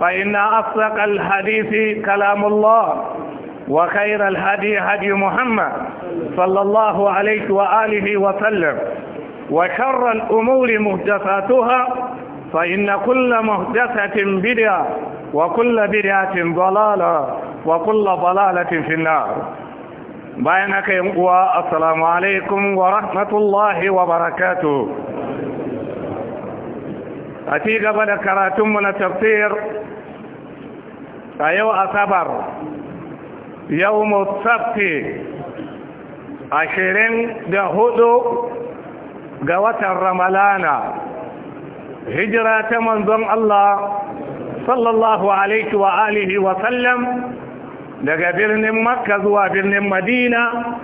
فإن أصدق الحديث كلام الله وخير الهدي هدي محمد صلى الله عليه وآله وسلم وشر الأمور مهدفاتها فإن كل مهدفة بدعة وكل بدعة ضلالة وكل ضلالة في النار بينك السلام عليكم ورحمة الله وبركاته a ci gaba da karatunmu na tafsir a yau asabar yau musabti ashirin da hudu ga watan ramalana hijira ta manzon Allah sallallahu alaihi wa alihi wa sallam daga birnin makka zuwa birnin madina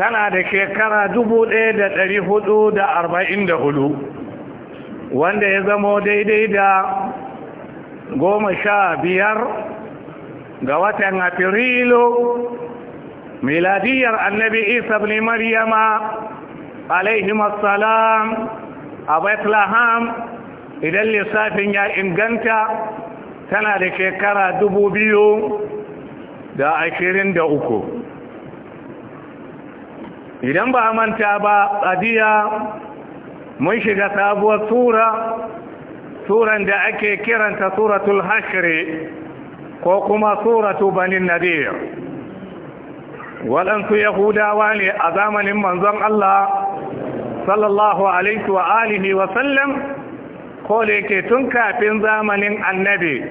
tana da shekara dubu ɗaya da ɗari hudu da arba'in da hudu. wanda ya zamo daidai da goma sha biyar ga watan afirilu miladiyar annabi isa ne maryama alaihimassalam a bethlehem idan lissafin ya inganta tana da shekara dubu biyu da ashirin da uku idan ba manta ba tsadiya mun shiga sabuwar sura suran da ake kiranta suratul hashiri ko kuma suratu banin nadir waɗansu yahudawa ne a zamanin manzon Allah sallallahu alaihi wa alihi wa sallam ko da yake tun kafin zamanin annabi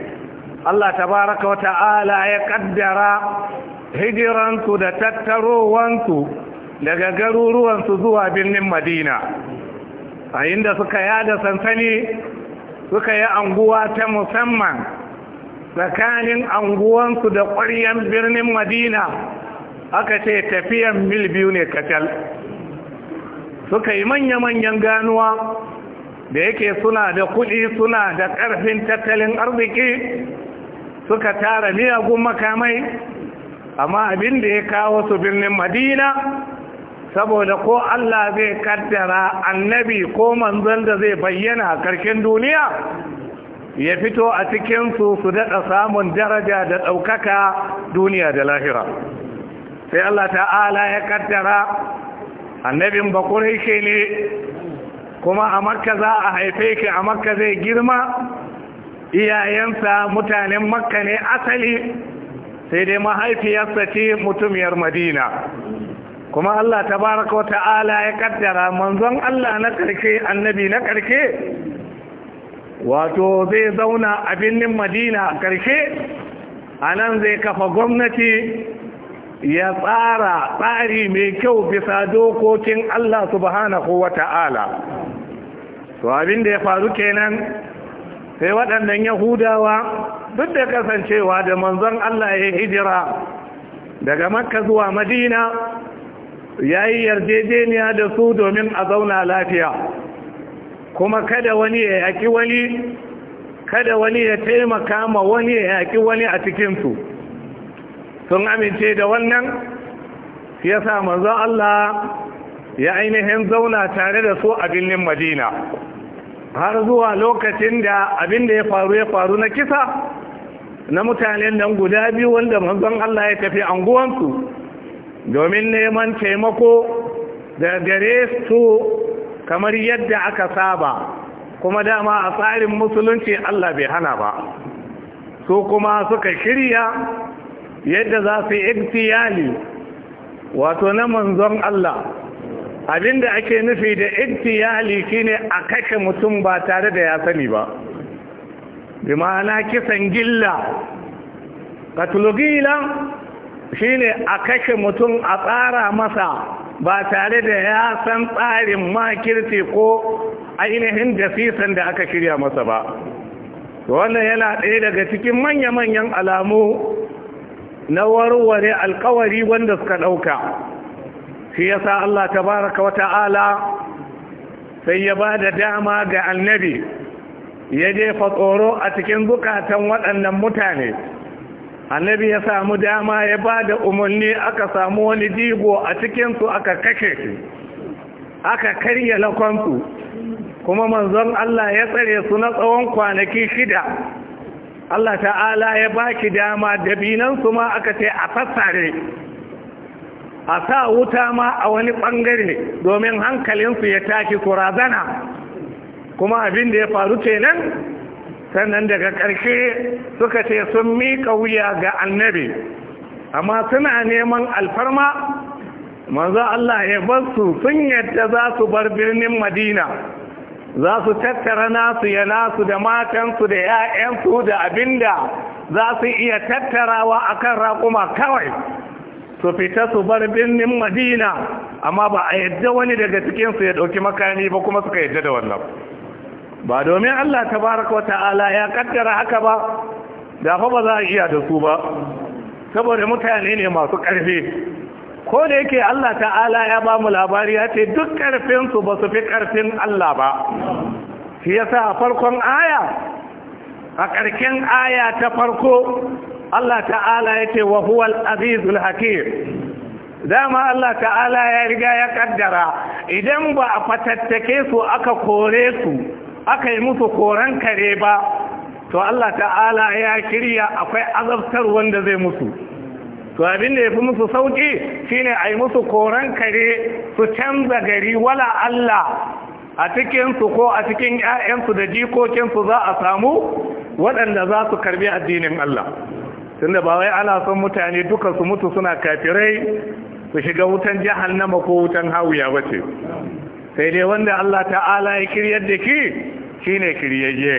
Allah tabaraka wa ta'ala ya kaddara hijiransu da tattarowansu daga garuruwansu zuwa birnin madina a inda suka yada sansani suka yi anguwa ta musamman tsakanin anguwansu da ƙwaryen birnin madina aka ce tafiyan mil biyu ne kacal suka yi manya-manyan ganuwa da yake suna da kuɗi suna da ƙarfin tattalin arziki suka tara miyagun makamai amma abin da ya kawo su birnin madina saboda ko Allah zai kaddara annabi ko manzon da zai bayyana karkin duniya ya fito a cikinsu su daɗa samun daraja da ɗaukaka duniya da lahira sai Allah ta'ala ya kaddara annabin bakurai shi ne kuma a makka za a haife ki a makka zai girma iyayensa mutanen makka ne asali sai dai mahaifiyarsa ce mutumiyar madina kuma Allah tabaraka wa ta'ala ya kaddara manzon Allah na karke annabi na karke wato zai zauna a birnin Madina karke nan zai kafa gwamnati ya tsara tsari mai kyau bisa dokokin Allah subhanahu wa ta'ala to abinda ya faru kenan sai waɗannan yahudawa duk da kasancewa da manzon Allah ya hijira daga makka zuwa madina ya yi yarjejeniya da su domin a zauna lafiya kuma kada wani ya yaƙi wani kada wani ya taimaka ma wani ya yaƙi wani a cikinsu sun amince da wannan ya sa manzo Allah ya ainihin zauna tare da su a birnin Madina har zuwa lokacin da abin da ya faru ya faru na kisa na mutanen nan guda biyu wanda manzon Allah ya tafi anguwansu domin neman taimako da gare su kamar yadda aka saba kuma dama a tsarin musulunci Allah bai hana ba su kuma suka shirya yadda za su iktiyali wato na manzon Allah abinda ake nufi da iktiyali shine a kashe mutum ba tare da ya sani ba bi ma'ana kisan gilla katulogila shine a kashe mutum a tsara masa ba tare da ya san tsarin makirci ko ainihin dasisan da aka shirya masa ba wannan yana ɗaya daga cikin manya-manyan alamu na warware alkawari wanda suka ɗauka shi ya sa Allah tabaraka wa ta'ala sai ya ba da dama ga annabi ya jefa tsoro a cikin zukatan waɗannan mutane annabi ya samu dama ya ba da umarni aka samu wani jigo a cikinsu aka kashe shi aka karya lakonsu kuma manzon Allah ya tsare su na tsawon kwanaki shida Allah ta'ala ya ba ki dama dabinansu ma aka ce a fassare a sa wuta ma a wani ɓangare domin hankalinsu ya taki kurazana kuma abin da ya faru kenan sannan daga ƙarshe suka ce sun miƙa wuya ga annabi amma suna neman alfarma manzo Allah ya bar sun yadda za su bar birnin Madina za su tattara nasu ya nasu da matansu da 'ya'yansu da abinda za su iya tattarawa a kan raƙuma kawai su fita su bar birnin Madina amma ba a yadda wani daga cikinsu ya ɗauki makami ba kuma suka yadda da wannan ba domin Allah tabaraka wata'ala ya kaddara haka ba da fa ba za a iya da su ba saboda mutane ne masu ƙarfi ko da yake Allah ta'ala ya ba mu labari ya ce duk ƙarfinsu ba su fi ƙarfin Allah ba shi yasa a farkon aya a karken aya ta farko Allah ta'ala ya ce wa huwal azizul hakim dama Allah ta'ala ya riga ya kaddara idan ba a fatattake su aka kore su aka yi musu koren kare ba to Allah ta'ala ya kirya akwai azabtar wanda zai musu to abin da ya fi musu sauƙi shine a yi musu koran kare su canza gari wala Allah a cikinsu ko a cikin 'ya'yansu da jikokinsu za a samu waɗanda za su karbi addinin Allah tunda ba wai ana son mutane duka su mutu suna kafirai su shiga wutan jahannama ko wutan hawiya ba ce sai dai wanda Allah ta'ala ya kiryar da ki shine kiryayye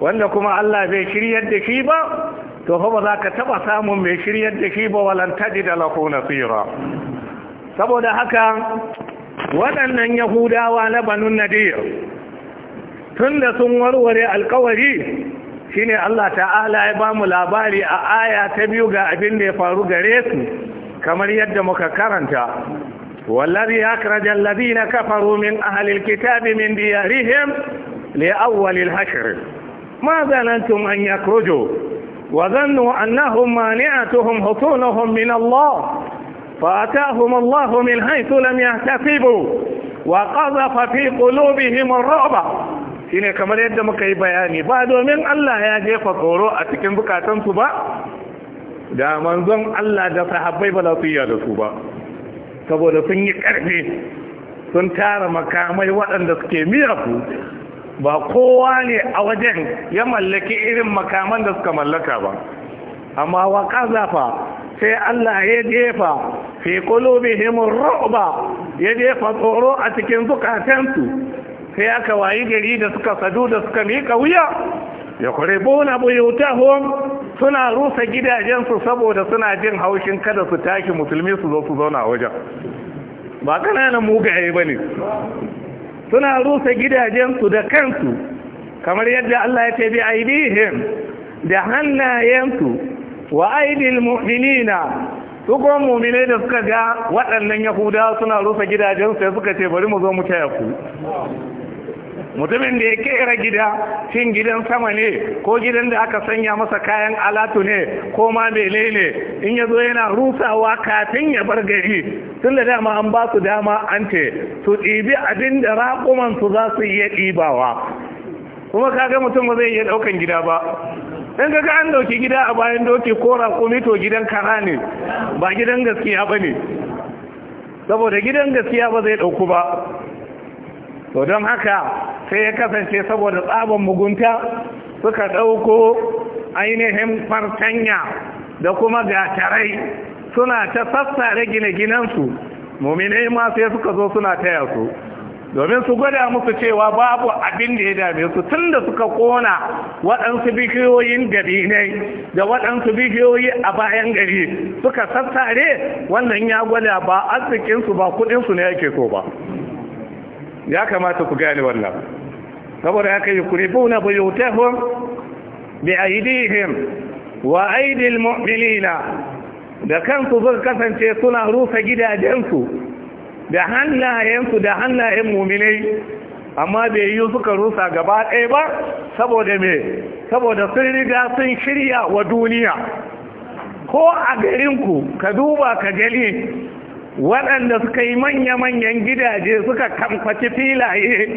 wanda kuma Allah bai kiryar da ki ba to fa ba za ka taɓa samun mai kiryar da ki ba walan da lahu tsira. saboda haka waɗannan yahudawa na banu nadir da sun warware alkawari ne Allah ta'ala ya ba mu labari a aya ta biyu ga abin da ya faru gare su kamar yadda muka karanta والذي أخرج الذين كفروا من أهل الكتاب من ديارهم لأول الحشر ما ظننتم أن يخرجوا وظنوا أنهم مانعتهم حصونهم من الله فأتاهم الله من حيث لم يحتسبوا وقذف في قلوبهم الرعب shine kamar yadda muka yi bayani ba domin Allah ya jefa tsoro a cikin bukatansu ba da manzon Allah da sahabbai ba da su ba saboda sun yi ƙarfi sun tara makamai waɗanda suke miyar, ba kowa ne a wajen ya mallaki irin makaman da suka mallaka ba amma wa ƙazafa sai Allah ya jefa fi qulubihim ar roba, ya jefa tsoro a cikin zukatansu sai aka wayi gari da suka sadu da suka miƙa wuya ya buna buyutahum suna rusa gidajensu saboda suna jin haushin kada su tashi musulmi su zo su zauna wajen ba kananan mugaye ba ne suna rusa gidajensu da kansu kamar yadda Allah ya ce bi aidihim da hannayensu wa aidil mu'minina su kuma mu'minai da suka ga waɗannan yahudawa suna rusa gidajensu sai suka ce bari mu zo mu taya ku mutumin da ya kera gida shin gidan sama ne ko gidan da aka sanya masa kayan alatu ne ko ma ne in ya zo yana rusawa kafin ya bar gari tun da dama an ba su dama an ce su ɗibi abin da raƙuman su za su iya ɗibawa kuma kaga mutum ba zai iya ɗaukan gida ba in ga an ɗauki gida a bayan doki ko raƙumi to gidan kara ne ba gidan gaskiya ba ne saboda gidan gaskiya ba zai ɗauku ba to don haka sai ya kasance saboda tsabon mugunta suka ɗauko ainihin fartanya da kuma gatarai suna ta sassare gine-ginensu muminai ma sai suka zo suna taya su domin su gwada musu cewa babu abin da ya dame su tun da suka kona waɗansu bikiyoyin ne da waɗansu bikiyoyi a bayan gari suka sassare wannan ya gwada ba arzikinsu ba kudinsu ne yake so ba ya kamata ku gane wannan saboda haka yukribuna buyutahum bi aydihim wa aydil mu'minina da kansu zai kasance suna rusa gidajensu da hannayensu da hannayen muminai amma bai yi suka rusa gaba ɗaya ba saboda me saboda sun riga sun shirya wa duniya ko a garinku ka duba ka gani waɗanda suka yi manya-manyan gidaje suka kamfaci filaye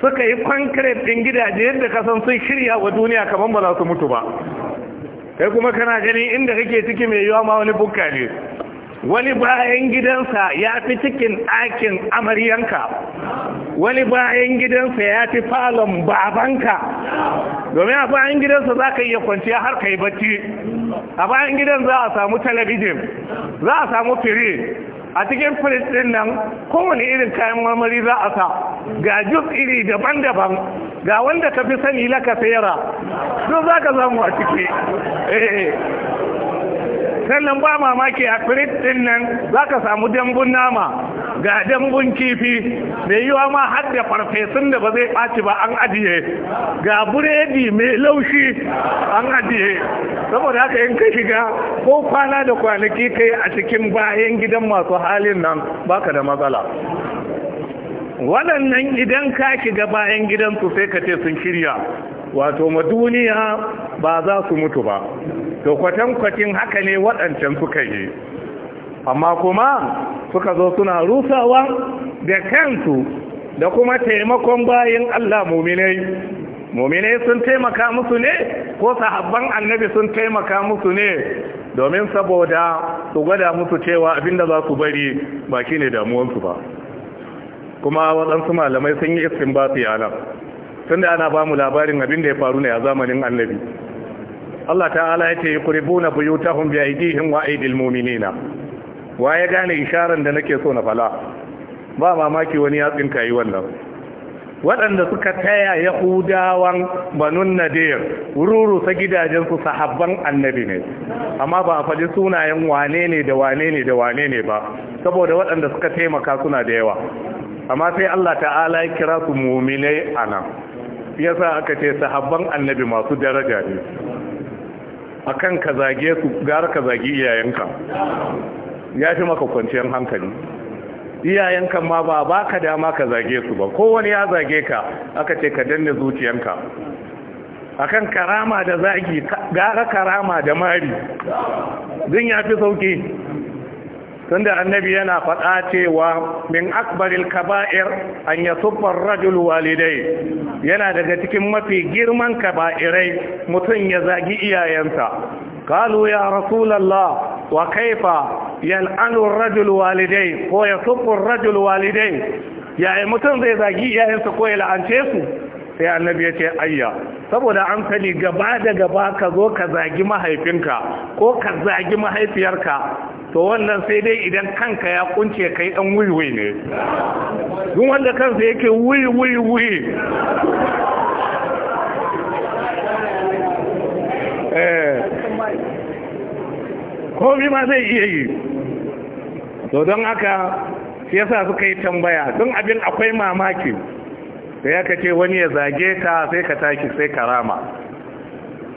suka yi concrete ɗin gidaje yadda kasan sun shirya wa duniya kamar ba za su mutu ba kai kuma kana gani inda kake ciki mai yiwa ma wani bukka ne wani bayan gidansa ya fi cikin ɗakin amaryanka wani bayan gidansa ya fi falon babanka domin a bayan gidansa za ka iya kwanciya har ka yi bacci a bayan gidan za a samu talabijin za a samu fire a cikin firij ɗin nan kowane irin kayan marmari za a sa ga jus iri daban-daban ga wanda ka fi sani laka sayara don za ka samu a ciki eh, eh. sannan ba mamaki a firit din nan za ka samu dambun nama ga dambun kifi mai yiwa ma har da farfesun da ba zai ɓaci ba an ajiye ga buredi mai laushi an ajiye saboda haka in ka shiga ko kwana da kwanaki kai a cikin bayan gidan masu halin nan baka da matsala waɗannan idan ka shiga bayan gidansu sai ka ce sun shirya wato ma duniya ba za su mutu ba to kwatankwacin haka ne waɗancan suka yi amma kuma suka zo suna rusawa da kansu da kuma taimakon bayan Allah muminai muminai sun taimaka musu ne ko sahabban annabi sun taimaka musu ne domin saboda su gwada musu cewa abinda za su bari ba ne damuwansu ba kuma waɗansu malamai sun yi istin ba su yanar tunda ana ba mu labarin abin da ya faru ne a zamanin annabi Allah ta'ala ya ce yuqribuna buyutahum bi aidihim wa aidil mu'minina wa ya gane isharar da nake so na fala ba mamaki wani ya tsinka yi wannan waɗanda suka taya yahudawan banun nadir rurusa gidajensu sahabban annabi ne amma ba a faɗi sunayen wane ne da wane ne da wane ne ba saboda waɗanda suka taimaka suna da yawa amma sai Allah ta'ala ya kira su muminai a nan yasa aka ce sahabban annabi masu daraja ne kan ka zage su gara ka zage iyayenka ya fi maka kwanciyar hankali iyayenka ma ba ba ka dama ka zage su ba kowane ya zage ka aka ce ka danne zuciyanka kan karama da zagi gara karama da mari zin ya fi sauki tunda annabi yana faɗa cewa min akbaril kaba'ir an yatuffa ar walidai yana daga cikin mafi girman kaba'irai mutum ya zagi iyayensa Kalu ya rasulullah wa kaifa yal'anu ar-rajul ko yatuffu ar-rajul walidai mutum zai zagi iyayensa ko ya la'ance su sai annabi ya ce ayya saboda an sani gaba da gaba ka zo ka zagi mahaifinka ko ka zagi mahaifiyarka to wannan sai dai idan kanka ya kunce kai dan wuiwui ne duk wanda kansa yake wuiwuiwui eh. ko bi ma zai iya yi to don haka shi yasa suka yi tambaya don abin akwai mamaki sai aka ce wani ya zage ka sai ka tashi sai karama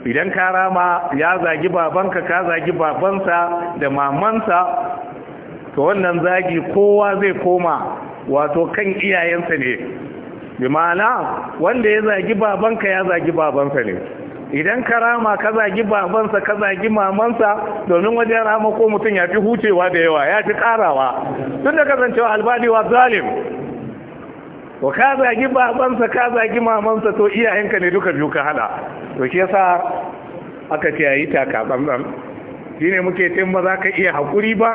idan karama ya zagi babanka ka zagi babansa da mamansa to wannan zagi kowa zai koma wato kan iyayensa ne bi ma'ana wanda ya zagi babanka ya zagi babansa ne idan karama ka zagi babansa ka zagi mamansa domin wajen rama ko mutum ya fi hucewa da yawa ya fi karawa tun da kasancewa albadiwa zalim to ka zagi babansa ka zagi mamansa to iyayenka ne duka biyu ka hada to shi yasa aka ce yayi taka tsantsan shi ne muke tin ba za ka iya haƙuri ba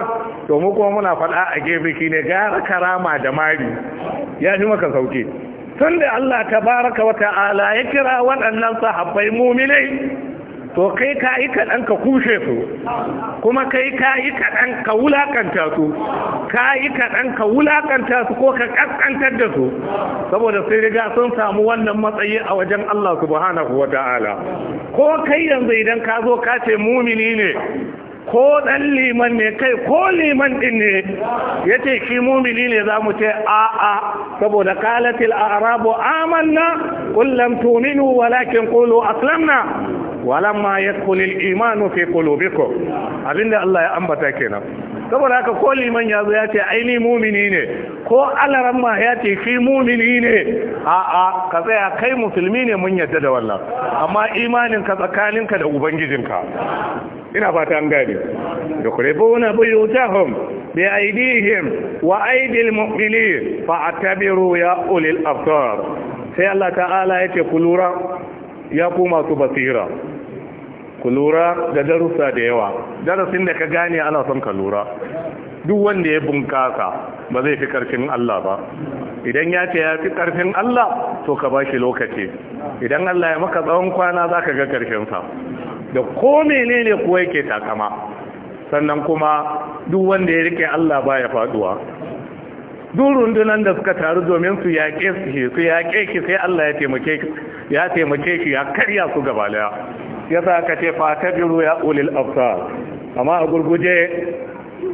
to mu kuma muna faɗa a gefe shi ne gara karama da mari ya ji maka sauke tun da Allah baraka wata ala ya kira waɗannan sahabbai muminai to kai ka yi kaɗan ka kushe su kuma kai ka yi kaɗan ka wulakanta su ka yi kaɗan ka wulakanta su ko ka ƙasƙantar da su saboda sai riga sun samu wannan matsayi a wajen Allah subhanahu wa ta'ala ko kai yanzu idan ka zo ka ce mumini ne ko ɗan liman ne kai ko liman ɗin ne ya ce shi mumini ne za mu ce a'a saboda kalatil arabu amanna kullum tuminu walakin kulu aslamna walamma yadkhul al-iman fi qulubikum abinda Allah ya ambata kenan saboda haka ko liman ya zo ya ce aini mumini ne ko alaran ma ya ce fi mumini ne a a ka tsaya kai musulmi ne mun yadda da wannan amma imanin ka tsakaninka da ubangijinka ina fata an gane da kurebuna buyutahum bi aidihim wa aidil mu'minin fa ya ulil absar sai Allah ta'ala yace kulura ya ku masu basira ku lura da darussa da yawa darasin da ka gane ana son ka lura duk wanda ya bunkasa ba zai fi karfin Allah ba idan ya ce ya fi karfin Allah to ka ba shi lokaci idan Allah ya maka tsawon kwana za ka ga sa da ko menene kuwa yake takama sannan kuma duk wanda ya rike Allah ba ya faduwa duk rundunan da suka taru domin su yaƙe shi, su yaƙe ki sai Allah ya taimake ki ya taimake ki ya karya su gaba daya yasa aka ce fa ta biro ya ulil afsar amma a gurguje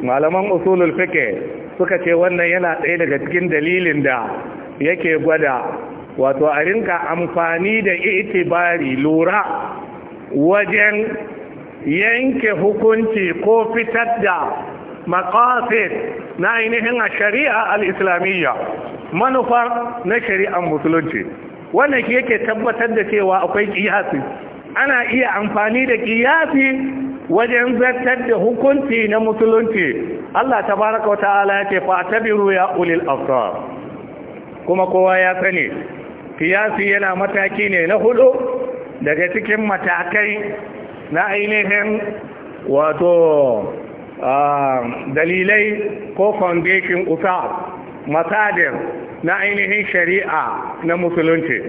malaman usulul fiqh suka ce wannan yana ɗaya daga cikin dalilin da yake gwada wato a rinka amfani da itibari lura wajen yanke hukunci ko fitar da maqasid na ainihin a shari'a al-islamiyya manufa na shari'a musulunci wannan shi yake tabbatar da cewa akwai kiyasi ana iya amfani da kiyasi wajen zartar da hukunci na musulunci Allah tabaraka wa ta'ala ya ce fa'tabiru ya ulil absar kuma kowa ya sani kiyasi yana mataki ne na hudu daga cikin matakai na ainihin wato dalilai ko foundation usa masadir na ainihin shari'a na musulunci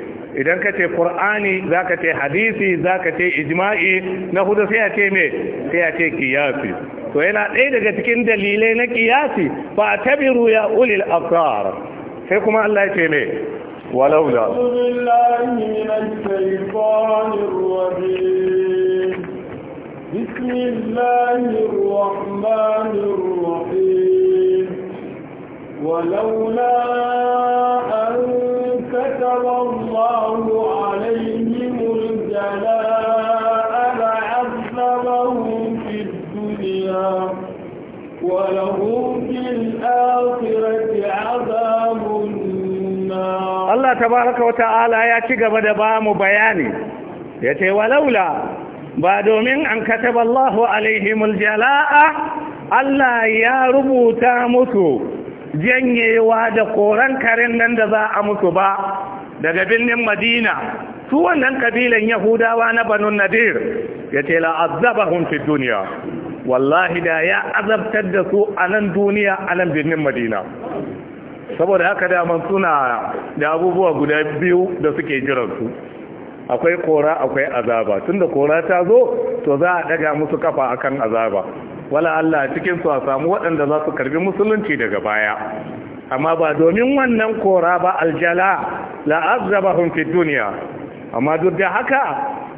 idan ka ce ƙur'ani za ka ce hadisi za ka ce ijima'i na hudu sai a ce me sai a ce kiyasi to yana ɗaya daga cikin dalilai na kiyasi ba a tabiru ya ulil absar sai kuma Allah ya ce me walau da. بسم الله الرحمن الرحيم ولولا أن كتب الله عليهم الجلاء لعذبهم في الدنيا ولهم في الآخرة عذاب النار الله تبارك وتعالى يا كي قبل بام بياني يتي ولولا ba domin an kataba Allahu alaihimul jala'a Allah ya rubuta musu janyewa da koran karen nan da za a mutu ba daga birnin Madina su wannan kabilan Yahudawa na Banu Nadir yace la azabahum fi dunya wallahi da ya azabtar da su a nan duniya a nan birnin Madina saboda haka da suna da abubuwa guda biyu da suke jiransu akwai kora akwai azaba tunda kora ta zo to za a daga musu kafa akan azaba wala Allah cikin su a samu waɗanda za su karbi musulunci daga baya amma ba domin wannan kora ba aljala la azabahum fi dunya amma duk da haka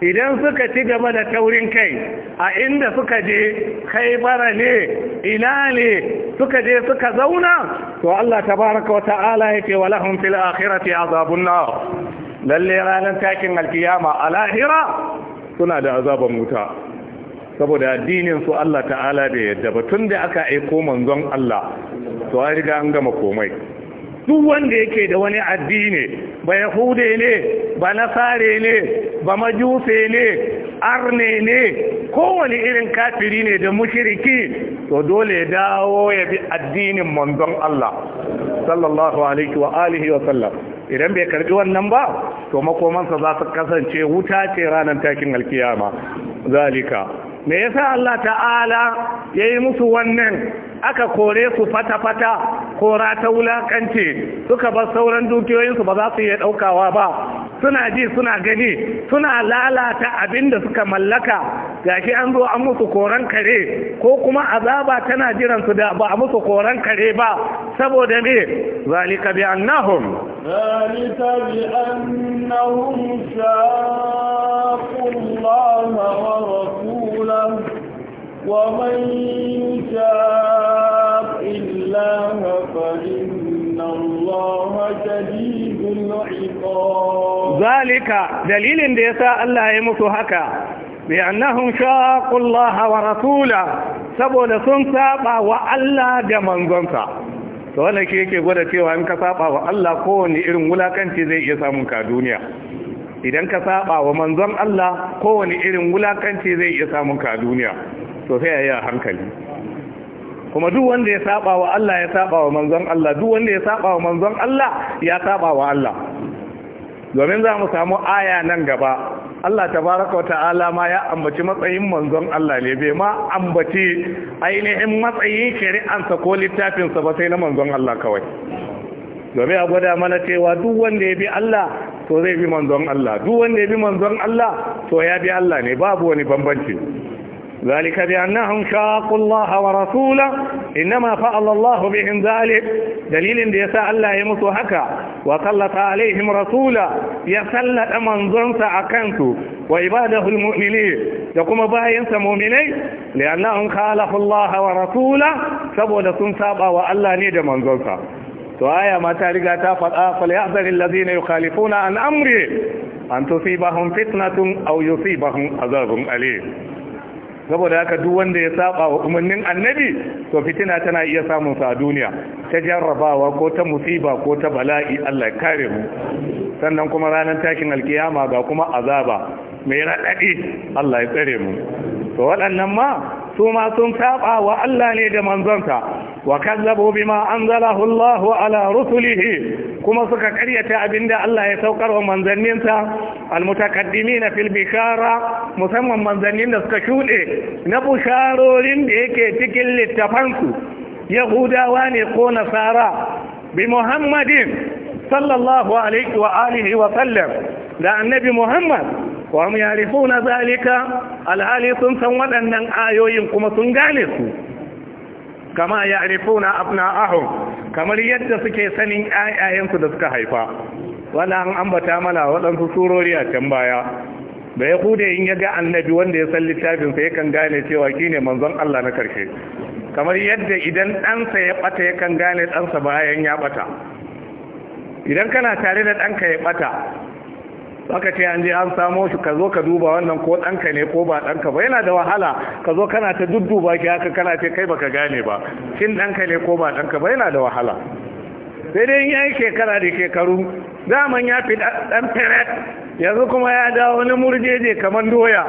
idan suka ci gaba da taurin kai a inda suka je kai bara ne ina ne suka je suka zauna to Allah tabaraka wa ta'ala yake wa lahum fil akhirati azabun nar lalle ranar takin alkiyama a lahira suna da azaban wuta saboda addinin su Allah ta'ala da yadda ba tun da aka aiko manzon Allah to an riga an gama komai duk wanda yake da wani addini ba yahude ne ba nasare ne ba majuse ne arne ne kowane irin kafiri ne da mushiriki to dole ya dawo ya bi addinin manzon Allah sallallahu alaihi wa alihi wa sallam idan bai karbi wannan ba to makomansa za su kasance wuta ce ranar takin alkiyama zalika me yasa Allah ta'ala yayi musu wannan aka kore su fata-fata kora ta wulakanci suka bar sauran dukiyoyinsu ba za su iya ɗaukawa ba suna ji suna gani suna lalata abin da suka mallaka shi an zo an musu koran kare ko kuma azaba tana jiran su da ba a musu koran kare ba saboda me zalika bi annahum zalika bi annahum Allah wa rasulahu ومن يشاق الله فإن الله شديد العقاب ذلك دليل ديسا الله يمس هكا بأنهم شاقوا الله ورسوله saboda sun saba wa Allah da manzonsa to wannan shi yake gwada cewa in ka saba wa Allah kowanne irin wulakanci zai iya samun ka duniya idan ka saba wa manzon Allah kowane irin wulakanci zai iya samun ka duniya to sai a yi a hankali kuma duk wanda ya saba wa Allah ya saba wa manzon Allah duk wanda ya saba wa manzon Allah ya saba wa Allah domin za mu samu aya nan gaba Allah tabaraka wa ta'ala ma ya ambaci matsayin manzon Allah ne bai ma ambaci ainihin matsayin shari'ansa ko littafinsa ba sai na manzon Allah kawai domin a gwada mana cewa duk wanda ya bi Allah to zai bi manzon Allah duk wanda ya bi manzon Allah to ya bi Allah ne babu wani bambanci ذلك بأنهم شاقوا الله ورسوله إنما فعل الله بهم ذلك دليل يسعى لا يموتوا هكا وسلط عليهم رسولا يسلط من زنس أكنت وعباده المؤمنين يقوم باينس مؤمنين لأنهم خالفوا الله ورسوله سبود سابا وألا نيد من ظن وآية ما تارقا آفل آه، فليحذر الذين يخالفون عن أمره أن تصيبهم فتنة أو يصيبهم عذاب أليم saboda haka duk wanda ya saba wa umarnin annabi to fitina tana iya samun sa a duniya ta jarrabawa ko ta musiba ko ta bala'i Allah ya kare mu sannan kuma ranar takin alkiyama ga kuma azaba mai raɗaɗi Allah ya tsare mu to waɗannan ma su ma sun saba wa Allah ne da manzonsa wa kazzabu bima anzalahu Allah ala rusulihi kuma suka karyata abinda Allah ya saukar wa manzanninsa almutakaddimin fil bishara musamman manzannin da suka shude na busharorin da yake cikin littafansu yahudawa ne ko nasara bi muhammadin sallallahu alaihi wa alihi wa sallam da annabi muhammad wa mu na zalika alhali sun san waɗannan ayoyin kuma sun gane su kama yarifuna abna'ahum kamar yadda suke sanin ayayensu da suka haifa wala an ambata mana waɗansu surori a can baya da kude in ya ga annabi wanda ya san littafinsa yakan gane cewa shine manzon Allah na karshe kamar yadda idan ɗansa ya ɓata yakan gane ɗansa bayan ya ɓata idan kana tare da ɗanka ya ɓata aka ce an je an samo shi ka zo ka duba wannan ko ɗanka ne ko ba ɗanka ba yana da wahala ka zo kana ta dudduba ki haka kana ce kai baka gane ba shin ɗanka ne ko ba ɗanka ba yana da wahala sai dai ya yi shekara da shekaru zaman ya fi ɗan feret yanzu kuma ya dawo wani murjeje kamar doya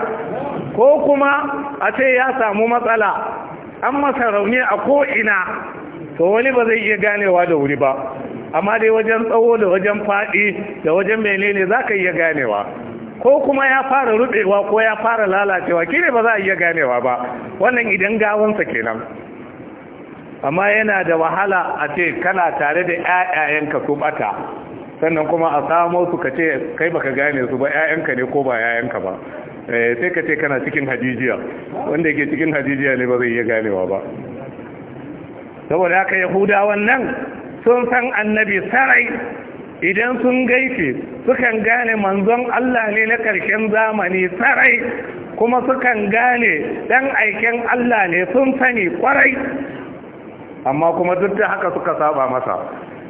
ko kuma a ce ya samu matsala an masa rauni a ko ina to wani ba zai iya ganewa da wuri ba amma dai wajen tsawo da wajen faɗi da wajen menene za ka iya ganewa ko kuma ya fara rubewa ko ya fara lalacewa kine ba za a iya ganewa ba wannan idan gawansa kenan amma yana da wahala a ce kana tare da ƴaƴayenka su bata sannan kuma a samo su ka ce kai baka gane su ba ƴaƴanka ne ko ba ƴaƴanka ba eh, sai ka ce kana cikin hajijiya wanda yake cikin hajijiya ne ba zai iya ganewa ba saboda haka yahudawan nan sun san annabi sarai idan sun gaife sukan gane manzon Allah ne na ƙarshen zamani sarai kuma sukan gane dan aiken Allah ne sun sani kwarai amma kuma duk da haka suka saba masa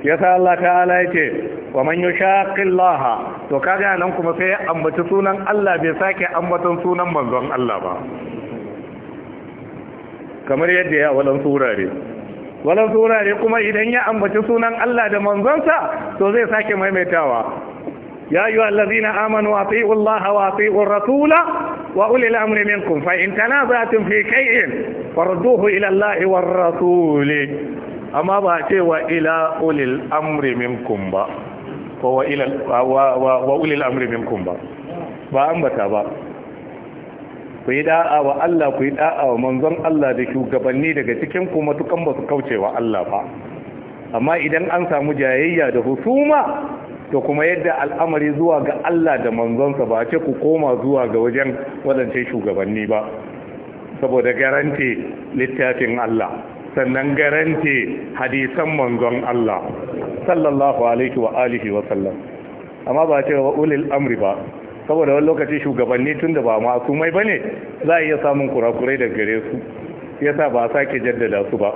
yasa Allah ta'ala yake wa man yushaqillaha to kaga nan kuma sai ambaci sunan Allah bai sake ambaton sunan manzon Allah ba kamar yadda ya walan surare walan wurare kuma idan ya ambaci sunan Allah da manzonsa to zai sake maimaitawa ya ayyuha allazina amanu atiiu Allah wa atiiu rasula wa ulil amri minkum fa in tanaza'tum fi shay'in farudduhu ila Allah war rasul amma ba cewa ila ulil amri minkum ba ko wa ila wa ulil amri minkum ba ba ambata ba ku yi da'a wa Allah ku yi da'a wa manzon Allah da shugabanni daga cikin ku matukan ba su kauce wa Allah ba amma idan an samu jayayya da husuma to kuma yadda al'amari zuwa ga Allah da manzonsa ba ce ku koma zuwa ga wajen wadancan shugabanni ba saboda garanti littafin Allah sannan garanti hadisan manzon Allah sallallahu alaihi wa alihi wa sallam amma ba ce wa ulil amri ba saboda wani lokaci shugabanni tun da ba masu mai bane za a iya samun kurakurai da gare su ya sa ba a sake jaddada su ba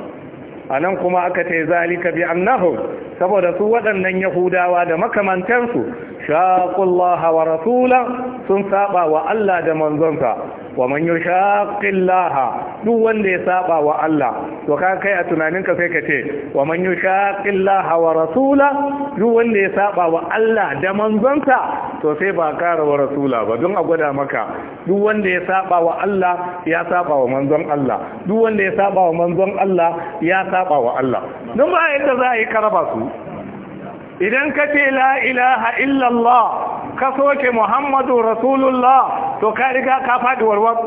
a nan kuma aka ce zalika bi annahu saboda su waɗannan yahudawa da makamantansu shaqullaha wa rasula sun saba wa Allah da manzonsa wa man yushaqillaha duk wanda ya saba wa Allah to kai a tunaninka sai ka ce wa man yushaqillaha wa rasula duk wanda ya saɓa wa Allah da manzonsa sosai sai ba kara wa rasula ba don a gwada maka duk wanda ya saba wa Allah ya saba wa manzon Allah duk wanda ya wa manzon Allah ya saba wa Allah don ba yadda za a karaba su idan ka ce la ilaha illallah ka soke muhammadu rasulullah to ka riga ka faɗi warwar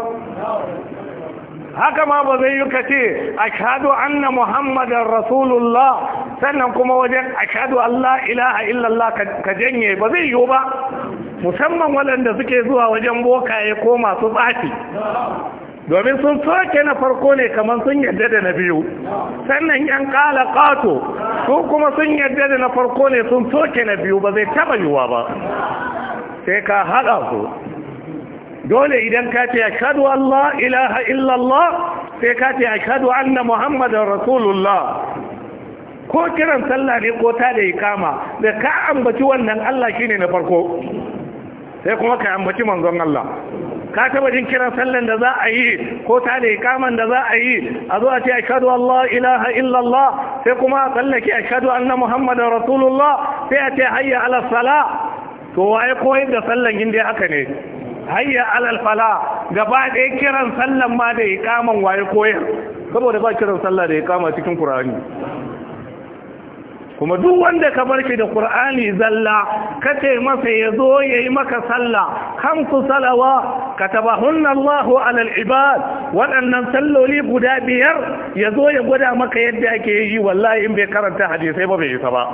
haka ma ba zai yi ka ce ashadu anna muhammadan rasulullah sannan kuma wajen ashadu allah ilaha illallah ka janye ba zai yi ba musamman waɗanda suke zuwa wajen bokaye ko masu tsafi domin sun soke na farko ne kamar sun yadda da na biyu sannan yan kala kato sun kuma sun yadda da na farko ne sun soke na biyu ba zai taba yiwa ba sai ka haɗa su dole idan ka ce ashhadu Allah ilaha illallah sai ka ce ashhadu anna muhammadar rasulullah ko kiran sallah ne ko ta da ikama da ka ambaci wannan Allah shine na farko sai kuma ka ambaci manzon Allah ka taba jin kiran sallan da za a yi ko ta da ikaman da za a yi a zo a ce ashhadu Allah ilaha illallah sai kuma tsallake ashhadu anna muhammadar rasulullah sai a ce hayya ala sala to waye koyar da sallan inda haka ne hayya ala fala gaba ɗaya kiran sallan ma da ikaman waye koyar saboda ba kiran sallah da kama cikin kur'ani kuma duk wanda ka barke da Kur'ani zalla kace masa ya ya yayi maka sallah khamsu salawa katabahunna Allahu alal, ibad waɗannan salloli guda biyar ya zo ya gwada maka yadda ake yi wallahi in bai karanta hadisai ba bai yi ba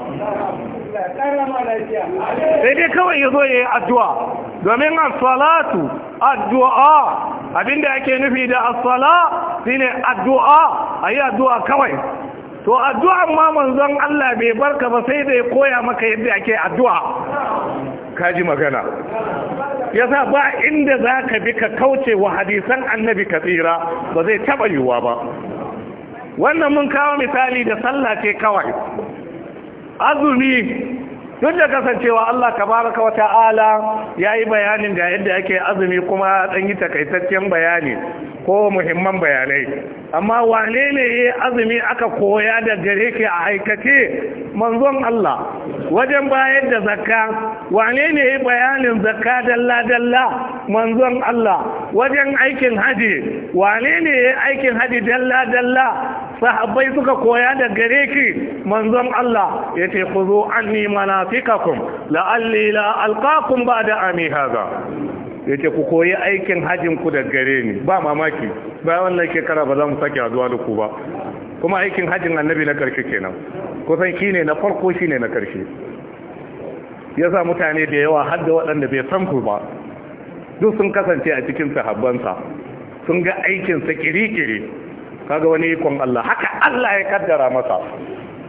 sai dai kawai yazo yayi addu'a domin as-salatu addu'a abinda ake nufi da as-sala shine addu'a ayi addu'a kawai to addu'an ma manzon Allah bai barka ba sai da ya koya maka yadda ake addu'a kaji magana yasa ba inda zaka bi ka kauce wa hadisan annabi katsira ba zai taba yiwuwa ba wannan mun kawo misali da sallah ce kawai azumi duk da kasancewa Allah tabaraka wa ta'ala yayi bayanin ga yadda ake azumi kuma dan yi takaitaccen bayani ko muhimman bayanai amma wane ne azumi aka koya da gare ke a aikace manzon Allah wajen bayar da zakka wane ne bayanin zakka dalla dalla manzon Allah wajen aikin haji wane ne ya aikin haji dalla dalla sahabbai suka koya da gare ki manzon Allah yace khuzu anni mana manasikakum la'alli la alqakum ba'da ami haza yace ku koyi aikin hajin ku da gare ni ba mamaki ba wannan kara ba za mu sake azuwa da ku ba kuma aikin hajin annabi na karshe kenan kusan shine na farko shine na karshe yasa mutane da yawa har da waɗanda bai san ku ba duk sun kasance a cikin sahabbansa sun ga aikinsa kirikiri kaga wani ikon Allah haka Allah ya kaddara masa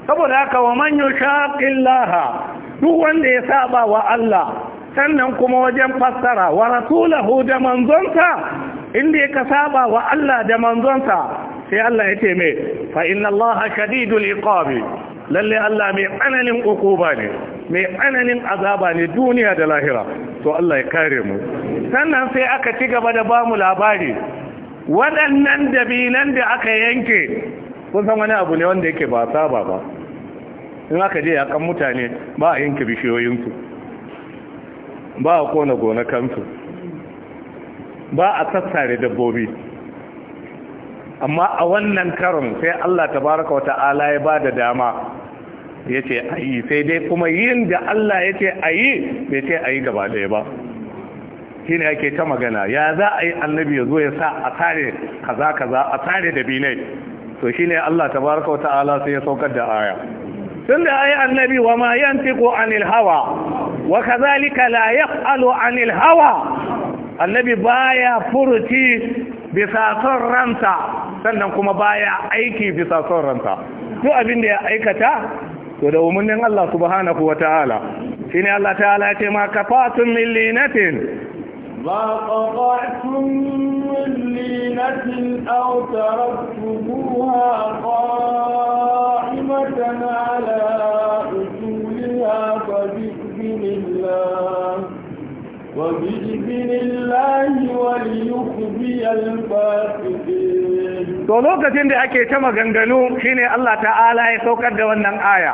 saboda haka wa man yushaqillaha duk wanda ya saba wa Allah sannan kuma wajen fassara wa rasulahu da manzonsa inda ka saba wa Allah da manzonsa sai Allah ya ce fa inna Allah shadidul iqab lalle Allah mai tsananin ukuba ne mai tsananin azaba ne duniya da lahira to Allah ya kare mu sannan sai aka ci gaba da bamu labari waɗannan dabinan da aka yanke kun san wani abu ne wanda yake ba saba ba in aka je yakan mutane ba a yanke bishiyoyinsu ba a kona gona kansu, ba a sassare dabbobi amma a wannan karon sai Allah tabaraka wata'ala ya ba da dama ya ce a yi sai dai kuma yin da Allah ya ce a yi bai ce a yi gaba ɗaya ba shi ne ake ta magana ya za a yi annabi ya zo ya sa a tare kaza kaza a tare da binai to shi ne Allah tabaraka wata'ala sai ya saukar da aya tun da ayi annabi wa ma yantiqu anil hawa wa kazalika la yaqalu anil hawa annabi baya furti bisa son ransa sannan kuma baya aiki bisa son ransa duk abin da ya aikata to da umurnin Allah subhanahu wataala shine Allah ta'ala ya ce ma kafatun min ما قطعتم من لينة أو تركتموها قائمة على أصولها فبإذن الله وبإذن الله وليخزي الفاسقين. To lokacin da ake ta maganganu shine Allah ta'ala ya saukar da wannan aya.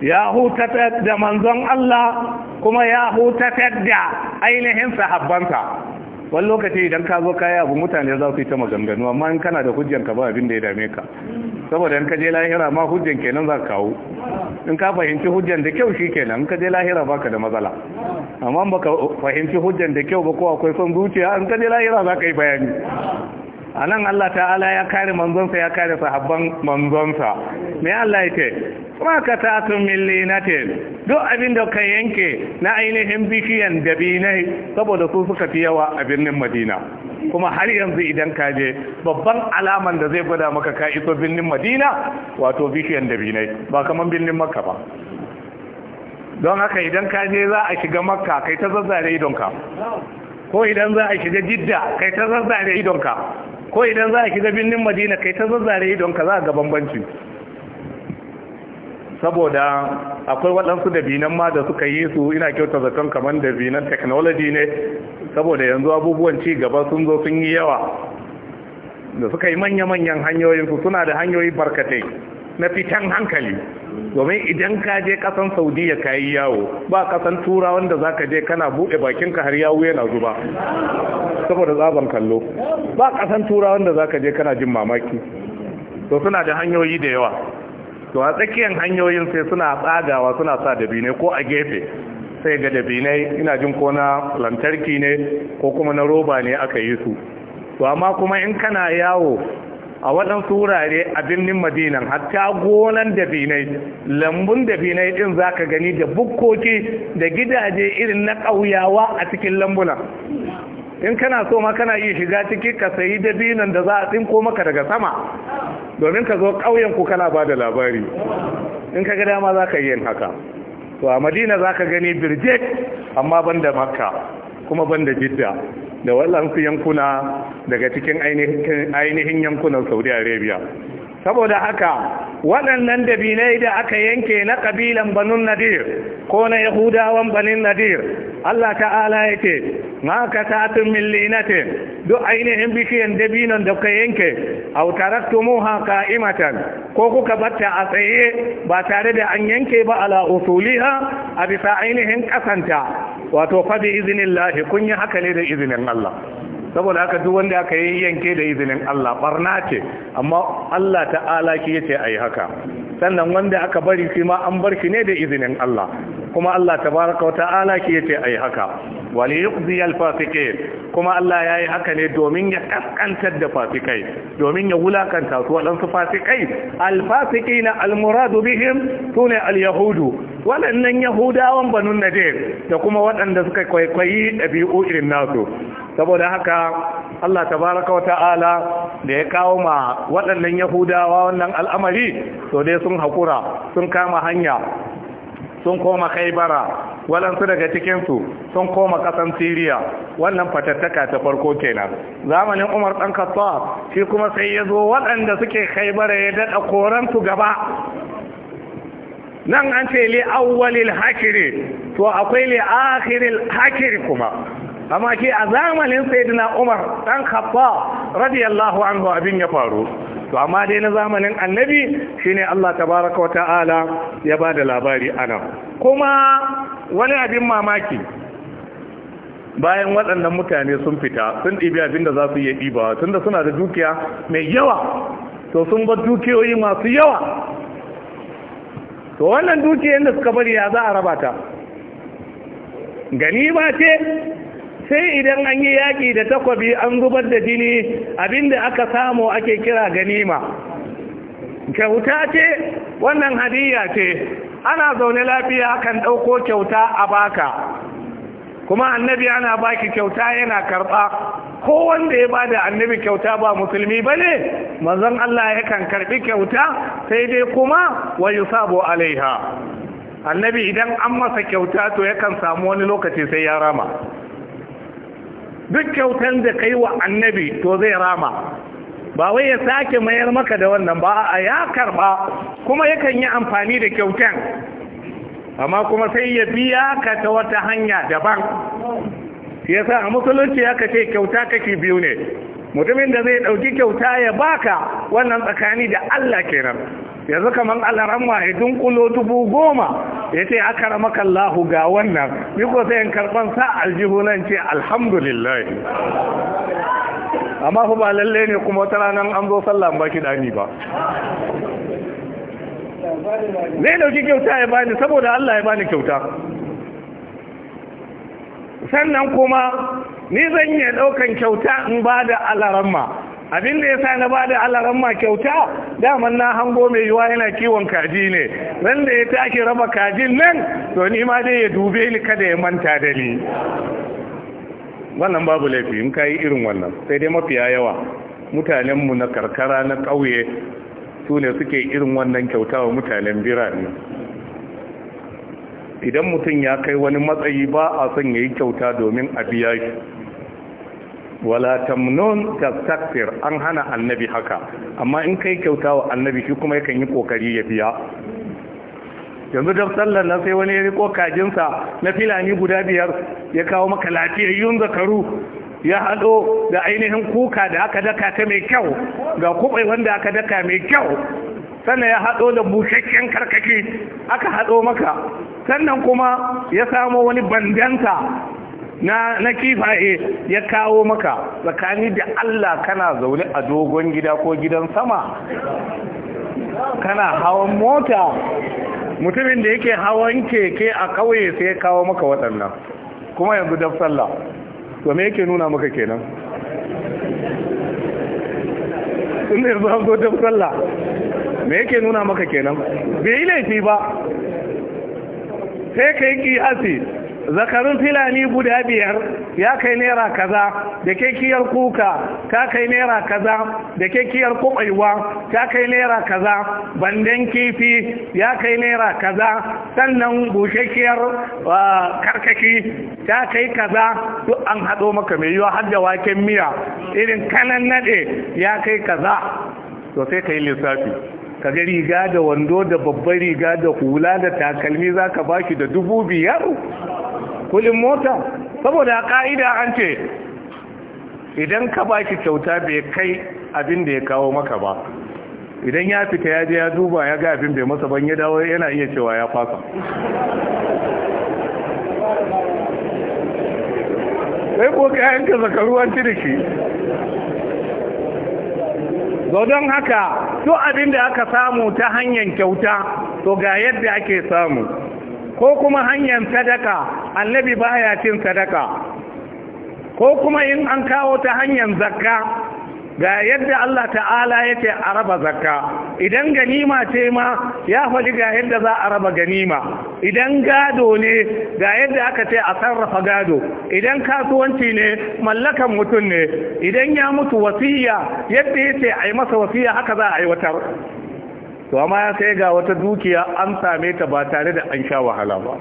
ya hutatar da manzon Allah kuma ya hutatar da ainihin sahabbansa wani lokaci idan ka zo kaya abu mutane za su yi ta maganganu amma in kana da hujjanka ka ba abin da ya dame ka saboda in ka je lahira ma hujjan kenan za ka kawo in ka fahimci hujjan da kyau shi kenan in ka je lahira baka da matsala amma baka fahimci hujjan da kyau ba ko akwai son zuciya in ka je lahira za ka yi bayani a nan Allah ta'ala ya kare manzonsa ya kare sahabban manzonsa mai Allah ya ce kuma ka tatun millinatin duk abin da ka yanke na ainihin bishiyan dabinai saboda su suka fi yawa a birnin madina kuma har yanzu idan ka je babban alaman da zai gwada maka ka iso birnin madina wato bishiyan dabinai ba kamar birnin makka ba don haka idan ka je za a shiga makka kai ta zazzare idonka ko idan za a shiga jidda kai ta zazzare idonka ko idan za a shiga birnin madina kai ta zazzare idonka za a ga bambanci saboda akwai waɗansu dabinan ma da suka yi su ina kyauta zaton kamar dabinan technology ne saboda yanzu abubuwan ci gaba sun zo sun yi yawa da suka yi manya-manyan hanyoyin su suna da hanyoyi barkatai na fitan hankali domin idan ka je kasan saudiya ka yi yawo ba kasan tura wanda za ka je kana buɗe bakinka har yawo yana zuba saboda tsaban kallo ba kasan tura wanda za ka je kana jin mamaki to suna da hanyoyi da yawa to a tsakiyar hanyoyin sai suna tsagawa suna sa dabinai ko a gefe sai ga dabinai ina jin ko na lantarki ne ko kuma na roba ne aka yi su to amma kuma in kana yawo a waɗansu wurare a birnin madinan hatta gonan dabinai lambun dabinai ɗin za ka gani da bukkoki da gidaje irin na ƙauyawa a cikin lambuna. in kana so ma kana iya shiga ciki ka sayi dabinan da za a tsinko maka daga sama domin ka zo ƙauyenku ku kana ba da labari in ka ga dama za ka yi yin haka to a madina za ka gani birjek amma ban da makka kuma ban da jidda da wallansu yankuna daga cikin ainihin yankunan saudi arabia saboda haka waɗannan dabinai da aka yanke na ƙabilan banun nadir ko na yahudawan banin nadir Allah ta'ala ya ce ma ka satun duk ainihin bishiyan dabinon da ka yanke au taraktumuha qa'imatan ko kuka batta a tsaye ba tare da an yanke ba ala usuliha a bisa ainihin kasanta wato fa bi iznillahi kun yi haka ne da izinin Allah saboda haka duk wanda aka yi yanke da izinin Allah barna ce amma Allah ta'ala ki yace ayi haka sannan wanda aka bari shi ma an bar shi ne da izinin Allah kuma Allah tabaraka wa ta'ala ke yace ai haka wali yuqdi al fasiqin kuma Allah ya yi haka ne domin ya ƙasƙantar da fasikai domin ya wulakanta su waɗansu fasikai alfasiki na almuradu bihim su ne alyahudu waɗannan yahudawan banun nadir da kuma waɗanda suka kwaikwayi ɗabi'u irin nasu saboda haka Allah tabaraka wa ta'ala da ya kawo ma waɗannan yahudawa wannan al'amari to dai sun haƙura sun kama hanya sun koma khaibara waɗansu daga cikinsu sun koma ƙasan siriya wannan fatattaka ta farko kenan zamanin umar ɗan kasuwa shi kuma sai ya zo waɗanda suke khaibara ya daɗa koransu gaba nan an ce li awwalil hakiri to akwai li akhiril hakiri kuma amma ke a zamanin sayyidina Umar dan Khattab radiyallahu anhu abin ya faru to amma dai na zamanin annabi shine Allah tabaraka wata'ala ya bada labari anan kuma wani abin mamaki bayan waɗannan mutane sun fita sun ɗibi abin da za su iya ɗiba da suna da dukiya mai yawa to sun bar dukiyoyi masu yawa to wannan dukiyar da suka bari ya za a raba ta ba ce sai idan an yi yaƙi da takwabi an zubar da jini abinda aka samu ake kira ganima kyauta ce wannan hadiyya ce ana zaune lafiya kan ɗauko kyauta a baka kuma annabi ana baki kyauta yana karɓa ko wanda ya bada annabi kyauta ba musulmi ba ne? manzon Allah yakan karɓi kyauta sai dai kuma wa sabo alaiha annabi idan an masa kyauta to yakan samu wani lokaci sai ya rama duk kyautar da kai wa annabi to zai rama ba wai ya sake mayar maka da wannan ba a ya karba kuma yakan yi amfani da kyautar amma kuma sai ya biya ka ta wata hanya daban yasa a musulunci aka ce kyauta kake biyu ne mutumin da zai ɗauki kyauta ya baka wannan tsakani da Allah kenan yanzu kaman alaramma ya kulo dubu goma ya ce aka ramaka Allahu ga wannan ni ko sai in karɓan sa aljihu nan ce alhamdulillah amma ku ba lalle ne kuma wata ranar an zo sallah ba ki dani ba zai ɗauki kyauta ya bani saboda Allah ya bani kyauta sannan kuma ni zan iya ɗaukan kyauta in ba da alaramma abin da ya sa na ba da alaramma kyauta daman na hango mai yiwa yana kiwon kaji ne nan ya tashi raba kajin nan to ni ma dai ya dube ni kada ya manta da ni wannan babu laifi in irin wannan sai dai mafiya yawa mutanenmu na karkara na ƙauye su ne suke irin wannan kyauta wa mutanen birane idan mutum ya kai wani matsayi ba a son ya yi kyauta domin a biya shi wala tamnun tastakfir an hana annabi haka amma in kai kyauta wa annabi shi kuma yakan yi kokari ya biya yanzu da sallar na sai wani ya riko kajinsa na filani guda biyar ya kawo maka lafiyayyun zakaru ya haɗo da ainihin kuka da aka daka ta mai kyau ga kubai wanda aka daka mai kyau sannan ya haɗo da busasshen karkashi aka haɗo maka sannan kuma ya samo wani bandanta na na kifaye ya kawo maka tsakani da Allah kana zaune a dogon gida ko gidan sama kana hawan mota mutumin da yake hawan keke a kauye sai ya kawo maka waɗannan kuma yanzu daf sallah to me yake nuna maka kenan tun yanzu hanzo daf sallah me yake nuna maka kenan bai yi laifi ba sai ka yi kiyasi zakarun filani guda biyar ya kai naira kaza da kekiyar kuka ta kai naira kaza da kekiyar kubaiwa ta kai naira kaza bandan kifi ya kai naira kaza sannan bushekiyar karkaki ta kai kaza duk an haɗo maka mai yiwa har da waken miya irin kanan naɗe ya kai kaza to sai ka yi lissafi ka ga riga da wando da babbar riga da hula da takalmi za ka ba shi da dubu biyar kulin mota saboda ka'ida an ce idan ka ba shi kyauta bai kai abin da ya kawo maka ba idan ya fita ya je ya duba ya ga abin bai masa ban ya dawo yana iya cewa ya fasa sai ko kayan ka zakaru an ci da shi don haka duk abin da aka samu ta hanyar kyauta to ga yadda ake samu ko kuma hanyar sadaka annabi baya cin sadaka ko kuma in an kawo ta hanyar zakka ga yadda Allah ta'ala yake a raba zakka idan ganima ce ma ya faɗi ga yadda za a raba ganima idan gado ne ga yadda aka ce a sarrafa gado idan kasuwanci ne mallakan mutum ne idan ya mutu wasiya yadda ya ce a yi masa wasiya haka za a aiwatar to amma ya sai ga wata dukiya an same ta ba tare da an sha wahala ba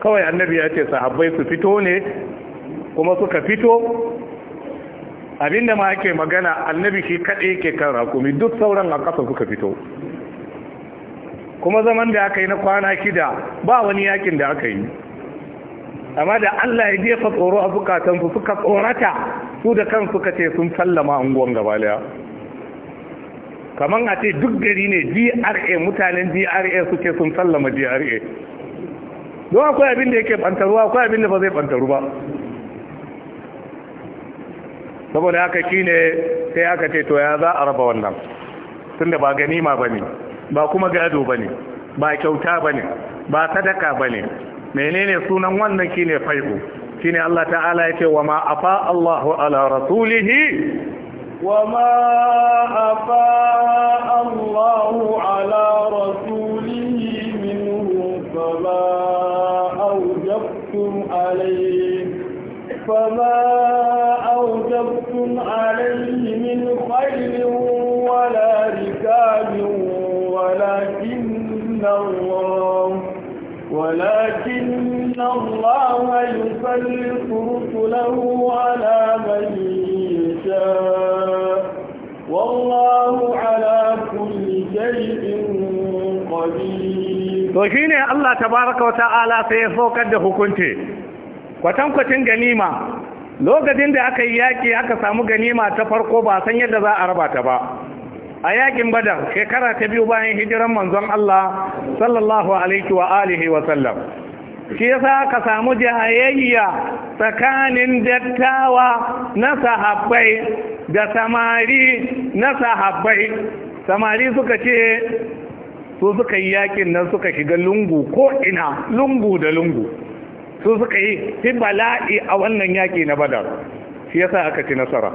kawai annabi ya ce sahabbai su fito ne kuma suka fito abinda ma ake magana annabi shi kaɗai ke kan rakumi duk sauran a ƙasa suka fito kuma zaman da aka yi na kwana kida ba wani yakin da aka yi amma da Allah ya jefa tsoro a su suka tsorata su da kansu suka ce sun sallama unguwan gabaliya kamar a ce duk gari ne DRA mutanen DRA suke sun sallama DRA don akwai abin da yake bantaruwa akwai abin da ba zai bantaru ba saboda haka shine sai aka ce to ya za a raba wannan tunda ba ganima bane ba kuma gado bane ba kyauta bane ba sadaka bane menene sunan wannan shine fai'u shine Allah ta'ala ya ce, wa ma afa Allahu ala rasulihi wa ma afa Allahu ala rasulihi minhu fama awjabtum alayhi فما أوجبتم عليه من خير ولا ركاب ولكن الله ولكن الله يسلط رسله على من يشاء والله على كل شيء قدير to shine Allah tabaraka wa ta'ala sai ya saukar da hukunci kwatankwacin ganima lokacin da aka yi yaƙi aka samu ganima ta farko ba san yadda za a raba ta ba a yaƙin badar shekara ta biyu bayan hijiran manzon Allah sallallahu alaihi wa alihi wa sallam shi yasa ka samu jahayayya tsakanin dattawa na sahabbai da samari na sahabbai samari suka ce su suka yi yaƙin nan suka shiga lungu ko ina lungu da lungu su suka yi fi bala'i a wannan yaƙi na badar shi sa aka ci nasara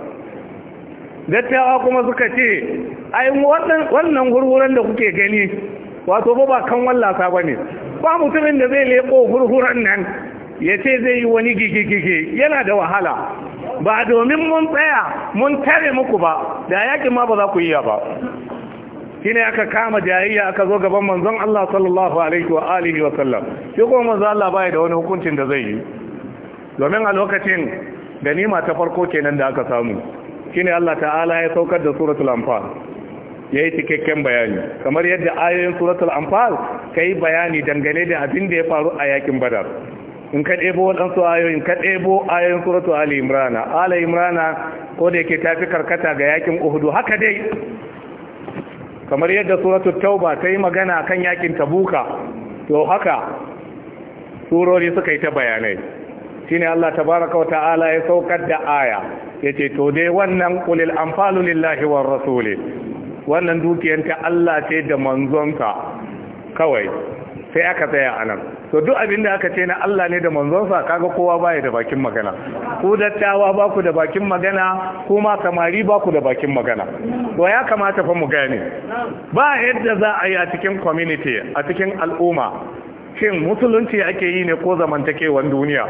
dattawa kuma suka ce a yi wannan hurhuran da kuke gani wato ba ba kan wallasa ba ne ba mutumin da zai leƙo hurhuran nan ya ce zai yi wani gigigigi yana da wahala ba domin mun tsaya mun tare muku ba da yaƙin ma ba za ku yi ba ne aka kama jayayya aka zo gaban manzon Allah sallallahu alaihi wa alihi wa sallam shi kuma manzon Allah bai da wani hukuncin da zai yi domin a lokacin ganima ta farko kenan da aka samu shine Allah ta'ala ya saukar da suratul anfal yayi cikakken bayani kamar yadda ayoyin suratul anfal kai bayani dangane da abin da ya faru a yakin badar in ka ɗebo waɗansu ayoyin ka ɗebo ayoyin suratul ali imrana ala imrana ko da yake fi karkata ga yakin uhudu haka dai kamar yadda suratul tauba ta yi magana kan yakin tabuka to haka surori suka yi ta bayanai shine Allah tabaraka wa ta'ala ya saukar da aya ce to dai wannan kulil anfalu lillahi war rasuli wannan dukiyar ta Allah ce da manzonka kawai sai aka tsaya a nan to duk abin da aka ce na Allah ne da manzonsa kaga kowa baya da bakin magana ku dattawa ba ku da bakin magana ma samari ba ku da bakin magana to ya kamata fa mu gane ba yadda za a yi a cikin community a cikin al'umma shin musulunci ake yi ne ko zamantakewan duniya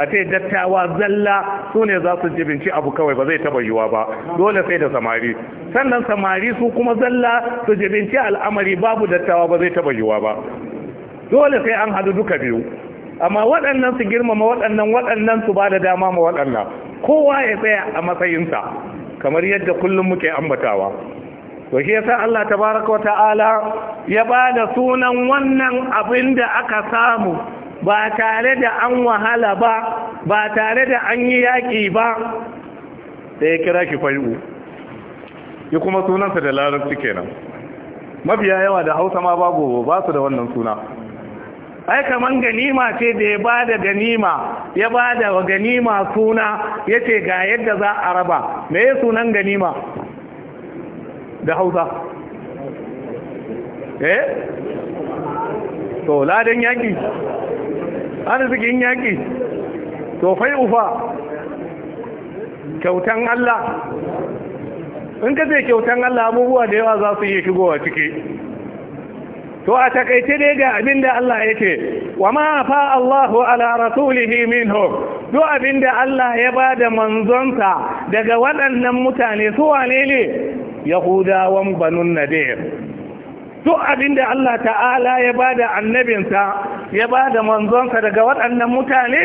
a ce dattawa zalla su ne za su jibinci abu kawai ba zai taba yiwa ba dole sai da samari sannan samari su kuma zalla su jibinci al'amari babu dattawa ba zai taba yiwa ba dole sai an hadu duka biyu amma waɗannan su girmama waɗannan waɗannan su ba da dama ma waɗannan kowa ya tsaya a matsayinsa kamar yadda kullum muke ambatawa to shi yasa Allah tabaraka wa ta'ala ya ba da sunan wannan abin da aka samu ba tare da an wahala ba ba tare da an yi yaƙi ba da ya kira shi fai'u ya kuma sunansa da larabci kenan mafiya yawa da hausa ma babu ba su da wannan suna ai kaman ganima ce da ya bada ganima ya bada wa ganima suna yace ga yadda za a raba me ya sunan ganima da Hausa eh to ladan yaki arzikin yaki to fai ufa kyautan Allah in ka ce kyautan Allah abubuwa da yawa za su iya shigowa ciki to a takaice dai ga abinda da Allah ya ce wa ma fa Allahu ala rasulihi minhum duk abin da Allah ya ba da manzonsa daga waɗannan mutane su wane ne yahudawan banun nadir duk abin Allah ta'ala ya ba da annabinsa ya ba da manzonsa daga waɗannan mutane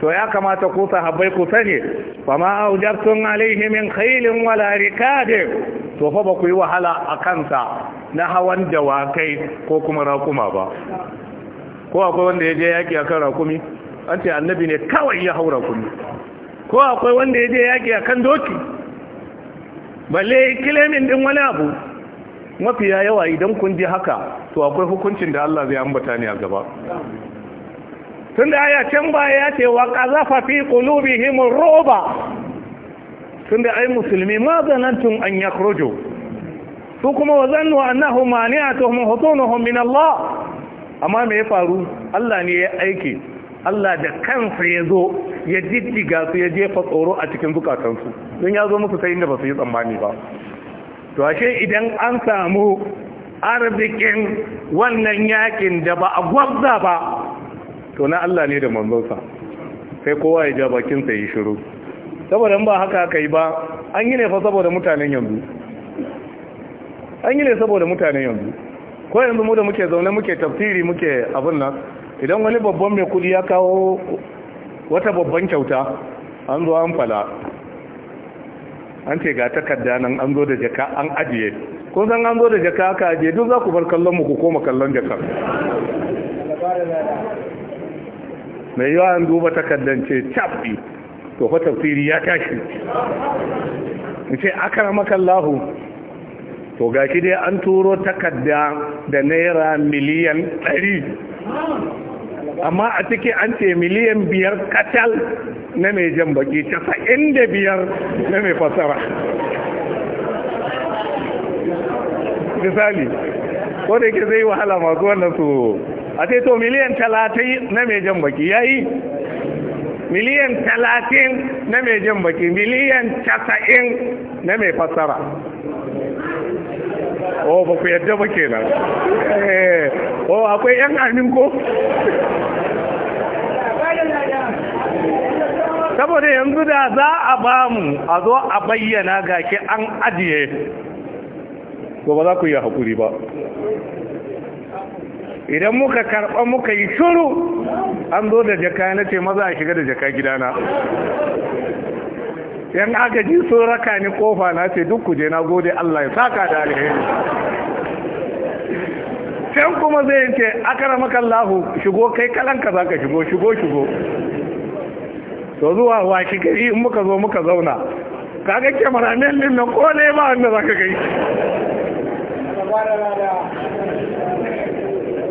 to ya kamata ku sahabbai ku sani fa ma aujabtum alaihi min khailin wala rikabin to fa ba ku yi wahala a kansa na hawan dawakai ko kuma rakuma ba ko akwai wanda ya je yaki akan rakumi an ce annabi ne kawai ya haura kuni ko akwai wanda ya je yaki akan doki balle kilemin din wani abu mafiya yawa idan kun ji haka to akwai hukuncin da Allah zai ambata ne a gaba tun da aya can baya ya ce wa qazafa fi qulubihim roba tun da ai musulmi ma zanantum an yakhruju su kuma wa zannu annahu mani'atuhum hutunuhum min Allah amma mai ya faru Allah ne ya aike Allah da kansa ya zo ya diddiga su ya jefa tsoro a cikin zukatansu don ya zo musu sai inda ba su yi tsammani ba to ashe idan an samu arzikin wannan yakin da ba a gwabza ba to na Allah ne da manzonsa sai kowa ya ja bakinsa ya shiru saboda ba haka kai ba an yi ne fa saboda mutanen yanzu an yi ne saboda mutane yanzu ko yanzu mu da muke zaune muke tafsiri muke abin nan idan wani babban mai kudi ya kawo wata babban kyauta an zo an fala an ce ga takarda nan an zo da jaka an ajiye kun san an zo da jaka aka ajiye duk za ku bar kallon mu ku koma kallon jakar mai yawa an duba takardar ce cafi to fa tafsiri ya tashi in ce akara makallahu to ga shi dai an turo takarda da naira miliyan ɗari amma a ciki an ce miliyan biyar katal na mai jan baki casa'in da biyar na mai fasara misali ko da yake zai wahala masu wannan su a ce to miliyan talatin na mai jan baki ya yi miliyan talatin na mai jan baki miliyan casa'in na mai fasara oh ba ku yadda ba kenan nan, eh, oh akwai yan amin ko saboda yanzu da za a ba mu a zo a bayyana ga an ajiye ko ba za ku yi haƙuri ba idan muka karɓa muka yi shuru an zo da jaka na ce maza a shiga da jaka gidana yan aka ji so raka ni kofa na ce duk kuje na gode Allah ya saka da alheri Sai kuma zai ce akaramaka Allah shigo kai kalanka za ka shigo shigo shigo to zuwa shi gari in muka zo muka zauna kaga kyamara nan din nan ko ne ba wanda za ka kai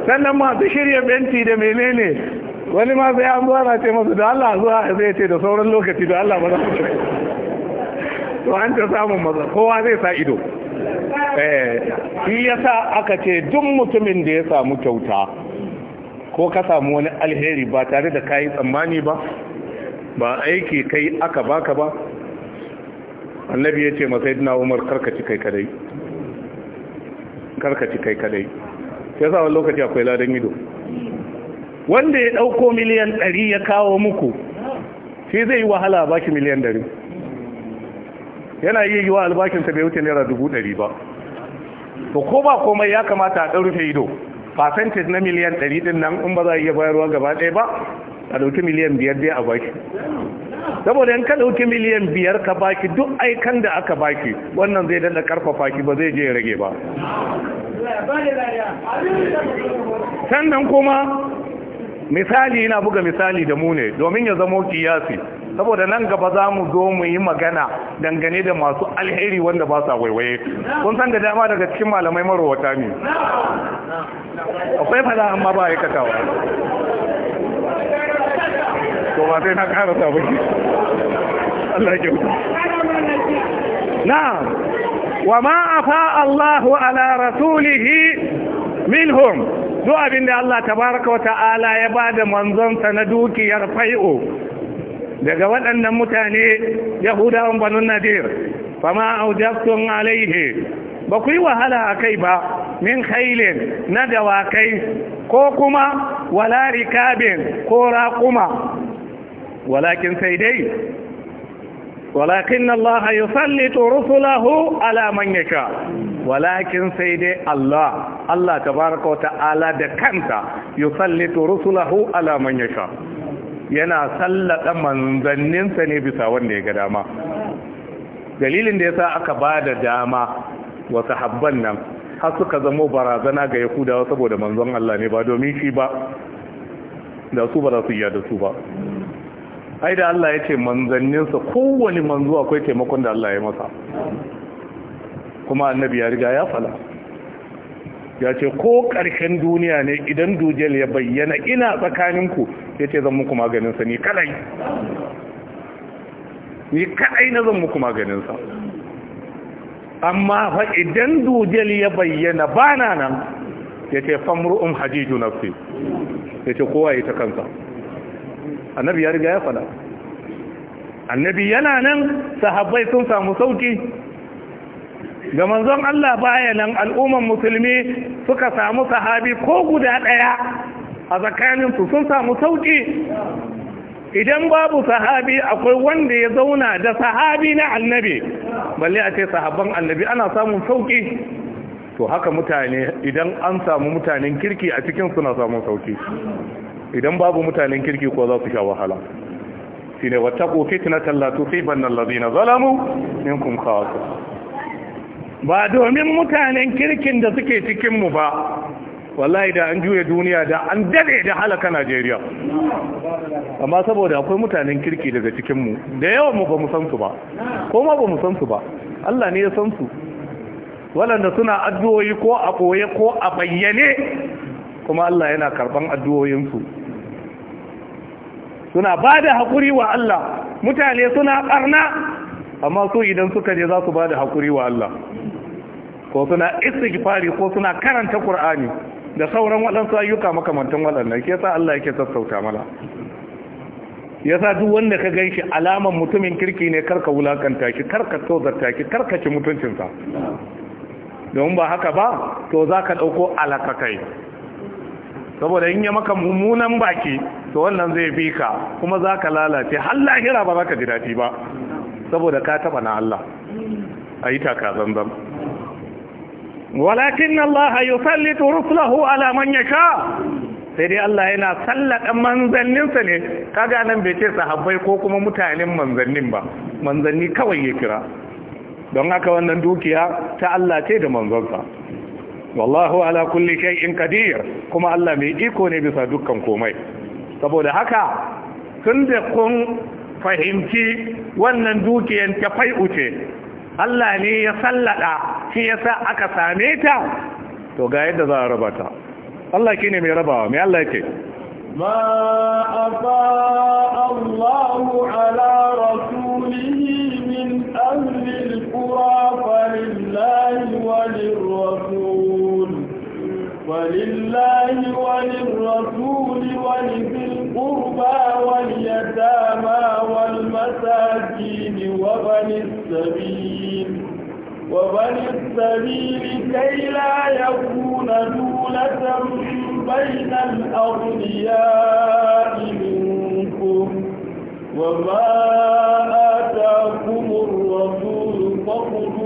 sannan masu shirya benti da menene wani ma sai an zuwa na ce masu da Allah zuwa zai ce da sauran lokaci da Allah ba za su to an ta samun maza kowa zai sa ido eh, shi yasa aka ce duk mutumin da ya samu kyauta ko ka samu wani alheri ba tare da kayi tsammani ba ba aiki kai aka baka ba annabi ya ce masai dina umar karkaci kai kadai karkaci kai kadai sai sa wani lokaci akwai ladan ido wanda ya dauko miliyan 100 ya kawo muku shi zai yi wahala ba shi miliyan ɗari. yana iya wa albashinsa bai wuce naira dubu ɗari ba to ko ba komai ya kamata a ɗan rufe ido percentage na miliyan ɗari ɗin nan in ba za a iya bayarwa gaba ɗaya ba a ɗauki miliyan biyar dai a baki saboda in ka ɗauki miliyan biyar ka baki duk aikan da aka baki wannan zai daɗa ƙarfafa ki ba zai je rage ba sannan kuma misali yana buga misali da mu ne domin ya zamo kiyasi saboda nan gaba za mu zo mu yi magana dangane da masu alheri wanda ba sa waiwaye kun san da dama daga cikin malamai marowata ne akwai fada amma ba aikatawa to ba sai na karasa ba Allah ya na'am wa ma afa Allahu ala rasulihi minhum duk abin da Allah tabaraka wa ta'ala ya bada da sa na dukiyar fai'o daga waɗannan mutane yahudawan banu nadir fama aujaftun alaihe ba ku yi wahala a kai ba min hailin na dawakai ko kuma wala rikabin ko raƙuma walakin sai dai walakin Allah ya sallito rusulahu ala yasha walakin sai dai Allah Allah tabaraka wa ta'ala da kanta yusallitu rusulahu ala alaman yasha yana sallaka manzanninsa ne bisa wanda ya ga dama dalilin da ya sa aka ba da dama wa sahabban nan har suka zama barazana ga yahudawa saboda manzon Allah ne ba domin shi ba da su ba za su iya da su ba ai da Allah ya ce manzanninsa kowane manzo akwai taimakon da Allah ya masa kuma annabi ya riga ya fala ya ce ko ƙarshen duniya ne idan dujel ya bayyana ina tsakaninku ya ce zan muku maganinsa ni kadai ni kadai na zan muku maganinsa amma fa idan dujel ya bayyana ba na nan ya ce um hajiju nafsi ya ce kowa ya ta kansa annabi ya riga ya fada annabi yana nan sahabbai sun samu sauki ga manzon Allah baya nan al'umman musulmi suka samu sahabi ko guda ɗaya a tsakaninsu sun samu sauƙi idan babu sahabi akwai wanda ya zauna da sahabi na annabi balle a ce sahabban annabi ana samun sauƙi to haka mutane idan an samu mutanen kirki a cikin suna samun sauƙi idan babu mutanen kirki ko za su sha wahala shine wattaqu fitnatan la tusibanna alladhina zalamu minkum khawatir ba domin mutanen kirkin da suke cikinmu ba wallahi da an juya duniya da an dade da halaka Najeriya amma saboda akwai mutanen kirki daga cikinmu da yawan mu ba mu san su ba ko ma ba mu san su ba Allah ne ya san su waɗanda suna addu'o'i ko a koye ko a bayyane kuma Allah yana karban addu'o'insu suna bada da haƙuri wa Allah mutane suna ɓarna. amma su idan suka je za su ba da haƙuri wa Allah ko suna istighfari ko suna karanta ƙur'ani da sauran waɗansu ayyuka makamantan waɗannan ke sa Allah yake sassauta mana sa duk wanda ka shi alamar mutumin kirki ne karka wulakanta shi karka tozarta shi karka ci mutuncinsa don ba haka ba to za ka ɗauko alakakai saboda in ya maka mummunan baki to wannan zai fi ka kuma za ka lalace har lahira ba za ka ji daɗi ba saboda ka taba na Allah a yi taka zanzan walakin Allah ya sallitu rusulahu ala ya sha sai dai Allah yana ɗan manzanninsa ne kaga nan bai ce sahabbai ko kuma mutanen manzannin ba manzanni kawai ya kira don haka wannan dukiya ta Allah ce da manzansa wallahu ala kulle shai in qadir kuma Allah mai iko ne bisa dukkan komai saboda haka tun da kun fahimci wannan dukiyar ta uce Allah ne ya sallada shi yasa aka same ta to ga yadda za a raba ta Allah ne mai rabawa mai Allah yake ma afa Allahu ala rasulihi min ahli al-qura falillahi walirrasul ولله وللرسول ولذي القربى واليتامى والمساكين وبن السبيل وبن السبيل كي لا يكون دولة بين الأغنياء منكم وما آتاكم الرسول فخذوه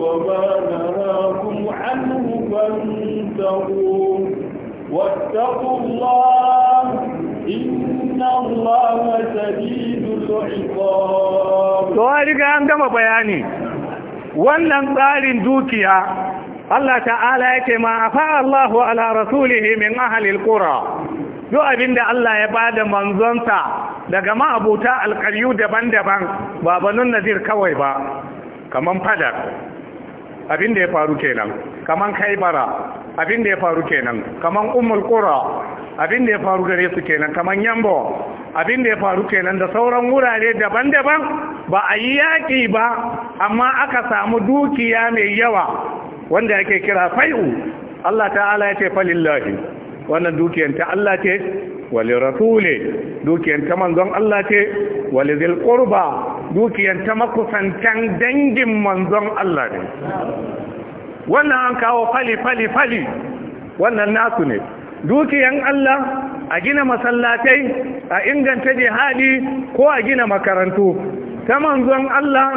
وما نهاكم عنه فانتهوا تتقوا واتقوا الله إن الله شديد العقاب وارجع أن بياني wannan tsarin dukiya Allah ta'ala yake ma afa Allahu ala rasulihi min ahli alqura duk abinda Allah ya bada manzonsa daga ma'abuta alƙaryu daban-daban ba banun nazir kawai ba kaman fadar abin da ya faru kenan kaman kaibara abin da ya faru kenan kaman ummul qura abin da ya faru gare su kenan kaman yambo abin da ya faru kenan da sauran wurare daban-daban ba a yi yaƙi ba amma aka samu dukiya mai yawa wanda yake kira fai'u Allah ta'ala ya ce falillahi wannan dukiyan ta Allah ce wali rasule dukiyan ta manzon Allah ce wali zil qurba dukiyar ta makusantan dangin manzon Allah ne wannan an kawo fali fali fali wannan nasu ne dukiyan Allah a gina masallatai a inganta jihadi ko a gina makarantu ta manzon Allah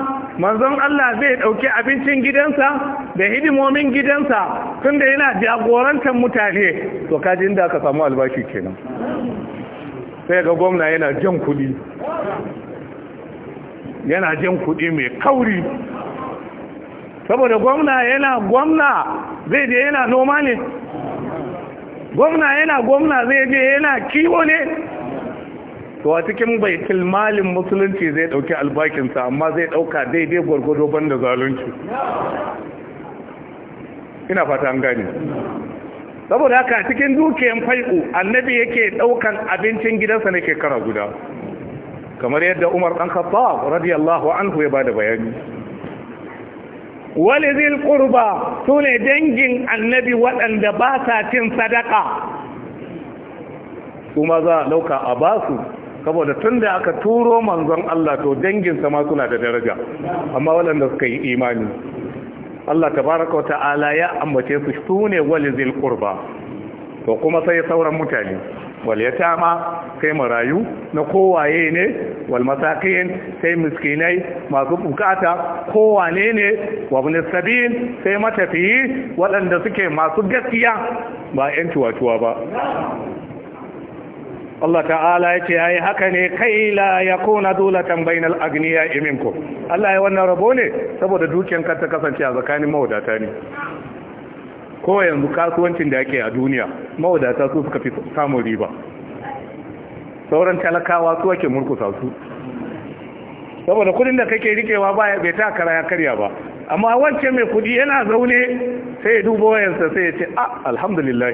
manzon Allah zai dauki abincin gidansa da hidimomin gidansa tunda yana jagorantar mutane to kaji inda aka samu albashi kenan sai ga gwamna yana jan kudi yana jin kuɗi mai kauri saboda gwamna yana gwamna zai je yana noma ne gwamna yana gwamna zai je yana kiwo ne to a cikin baitul malin musulunci zai dauki albakinsa amma zai dauka daidai gwargwado banda zalunci ina fata an gani. saboda haka cikin dukiyan fai'u annabi yake daukan abincin gidansa nake shekara guda kamar yadda Umar ɗan Khattab radiyallahu anhu ya bada bayani walizil ƙurba sune dangin annabi waɗanda ba sa cin sadaka kuma za a dauka a basu saboda tunda aka turo manzon Allah to danginsa ma suna da daraja amma waɗanda suka yi imani Allah tabaraka wa ta'ala ya ambace su sune walizil ƙurba. to kuma sai sauran mutane wal yatama kai marayu na kowaye ne wal masakin sai miskinai masu bukata kowane ne wa sabin sai matafiyi waɗanda suke masu gaskiya ba yan tuwatuwa ba Allah ta'ala ya ce yayi haka ne kai la yakuna dulatan bainal agniya iminku. Allah ya wannan rabo ne saboda dukiyanka ta kasance a tsakanin mawadata ne ko yanzu kasuwancin da ake a duniya mawadata su suka fi samun riba sauran talakawa su ake murkusa su saboda kudin da kake rikewa baya bai ta kara ya karya ba amma wancan mai kudi yana zaune sai ya duba wayansa sai ya ce a ah, alhamdulillah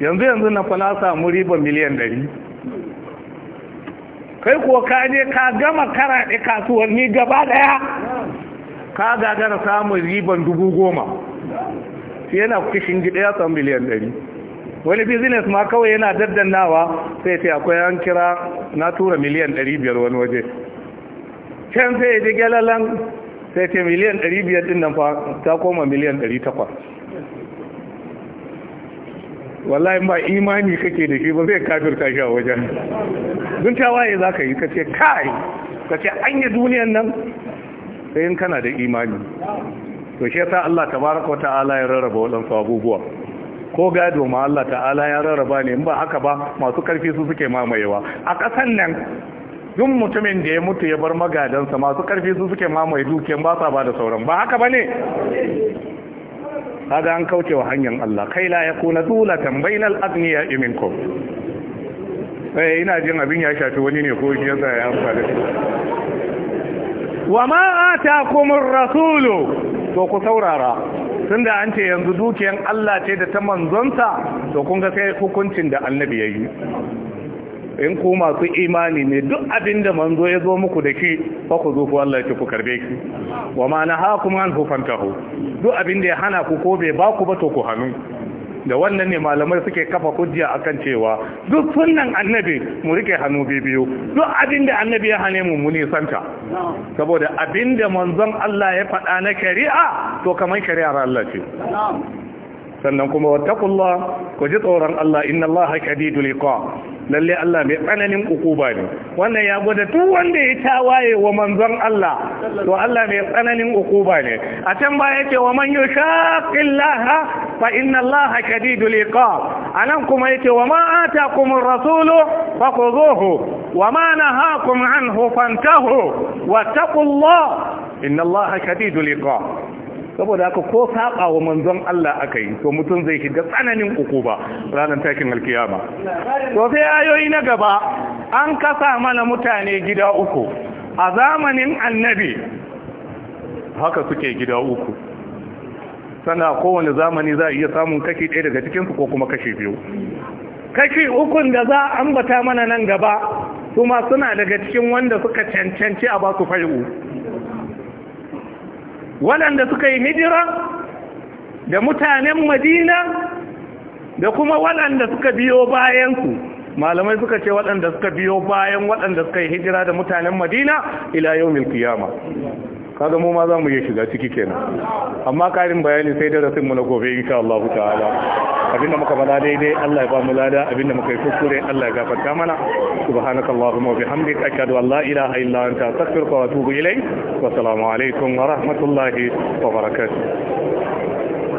yanzu yanzu na fana samu riba miliyan ɗari. kai kuwa ka je ka gama karaɗe kasuwanni gaba ɗaya ka gagara samun riban dubu goma sai yana kishin gida ya samu miliyan ɗari wani business ma kawai yana daddannawa sai ce akwai an kira na tura miliyan ɗari biyar wani waje can sai ya ji galalan sai ce miliyan ɗari biyar ɗin nan fa ta koma miliyan ɗari takwas wallahi ba imani kake da shi ba zai kafirta shi a wajen dun waye za ka yi ka ce kai ka ce an yi duniyan nan Sai kana da imani to shi yasa Allah tabaraka wa ta'ala ya rarraba waɗansu abubuwa ko gado ma Allah ta'ala ya rarraba ne in ba haka ba masu karfi su suke mamayewa a ƙasan nan duk mutumin da ya mutu ya bar magadansa masu karfi su suke mamaye dukiyan ba sa ba da sauran ba haka bane kaga an kauce wa hanyar Allah kai la ya yakuna dulatan bainal agniya minkum Sai eh, ina jin abin ya shafi wani ne ko shi yasa ya amfani. wa ma atakumur rasulu to ku saurara tunda an ce yanzu dukiyan Allah ce da ta manzonsa to kun ga sai hukuncin da annabi yayi in ku masu imani ne duk abin da manzo ya zo muku da shi fa ku zo ku Allah ki ku karbe shi wa ma nahakum an hufantahu duk abin da ya hana ku ko bai ba ku ba to ku hannu da wannan ne malamai suke kafa hujja akan cewa duk sunnan annabi mu rike hannu biyu duk abin da annabi ya hane mu mu nisanta saboda abin da manzon Allah ya faɗa na shari'a to kamar kari'ar Allah ce sannan kuma wattaqullah ku ji tsoron Allah inna Allah shadidul iqab lalle Allah mai tsananin ukuba ne wannan ya gwada duk wanda ya tawaye wa manzon Allah to Allah mai tsananin ukuba ne a can ba yake wa man yushaqillaha fa inna Allah shadidul iqab anan kuma yake wa ma atakumur rasulu fakhuduhu wa ma nahakum anhu fantahu wattaqullah inna Allah shadidul iqab saboda haka ko sabawa wa manzon Allah aka yi to mutum zai shiga tsananin uku ba, ranar takin alkiyama to sai ayoyi na gaba an kasa mana mutane gida uku a zamanin annabi haka suke gida uku sana kowane zamani za a iya samun kashi ɗaya daga cikinsu ko kuma kashi biyu kashi ukun da za a ambata mana nan gaba kuma suna daga cikin wanda suka cancanci a ba su fari'u waɗanda suka yi hijira da mutanen madina da kuma waɗanda suka biyo bayansu malamai suka ce waɗanda suka biyo bayan waɗanda suka yi hijira da mutanen madina ila yau milkiyama kaga mu ma za mu yi shiga ciki kenan amma karin bayani sai da rasin mu na gobe insha Allah ta'ala abinda muka bada daidai Allah ya ba mu lada abinda muka yi kuskure Allah ya gafarta mana subhanaka wa bihamdika ashhadu an la ilaha illa anta astaghfiruka wa atubu ilayk wa assalamu alaikum wa rahmatullahi wa barakatuh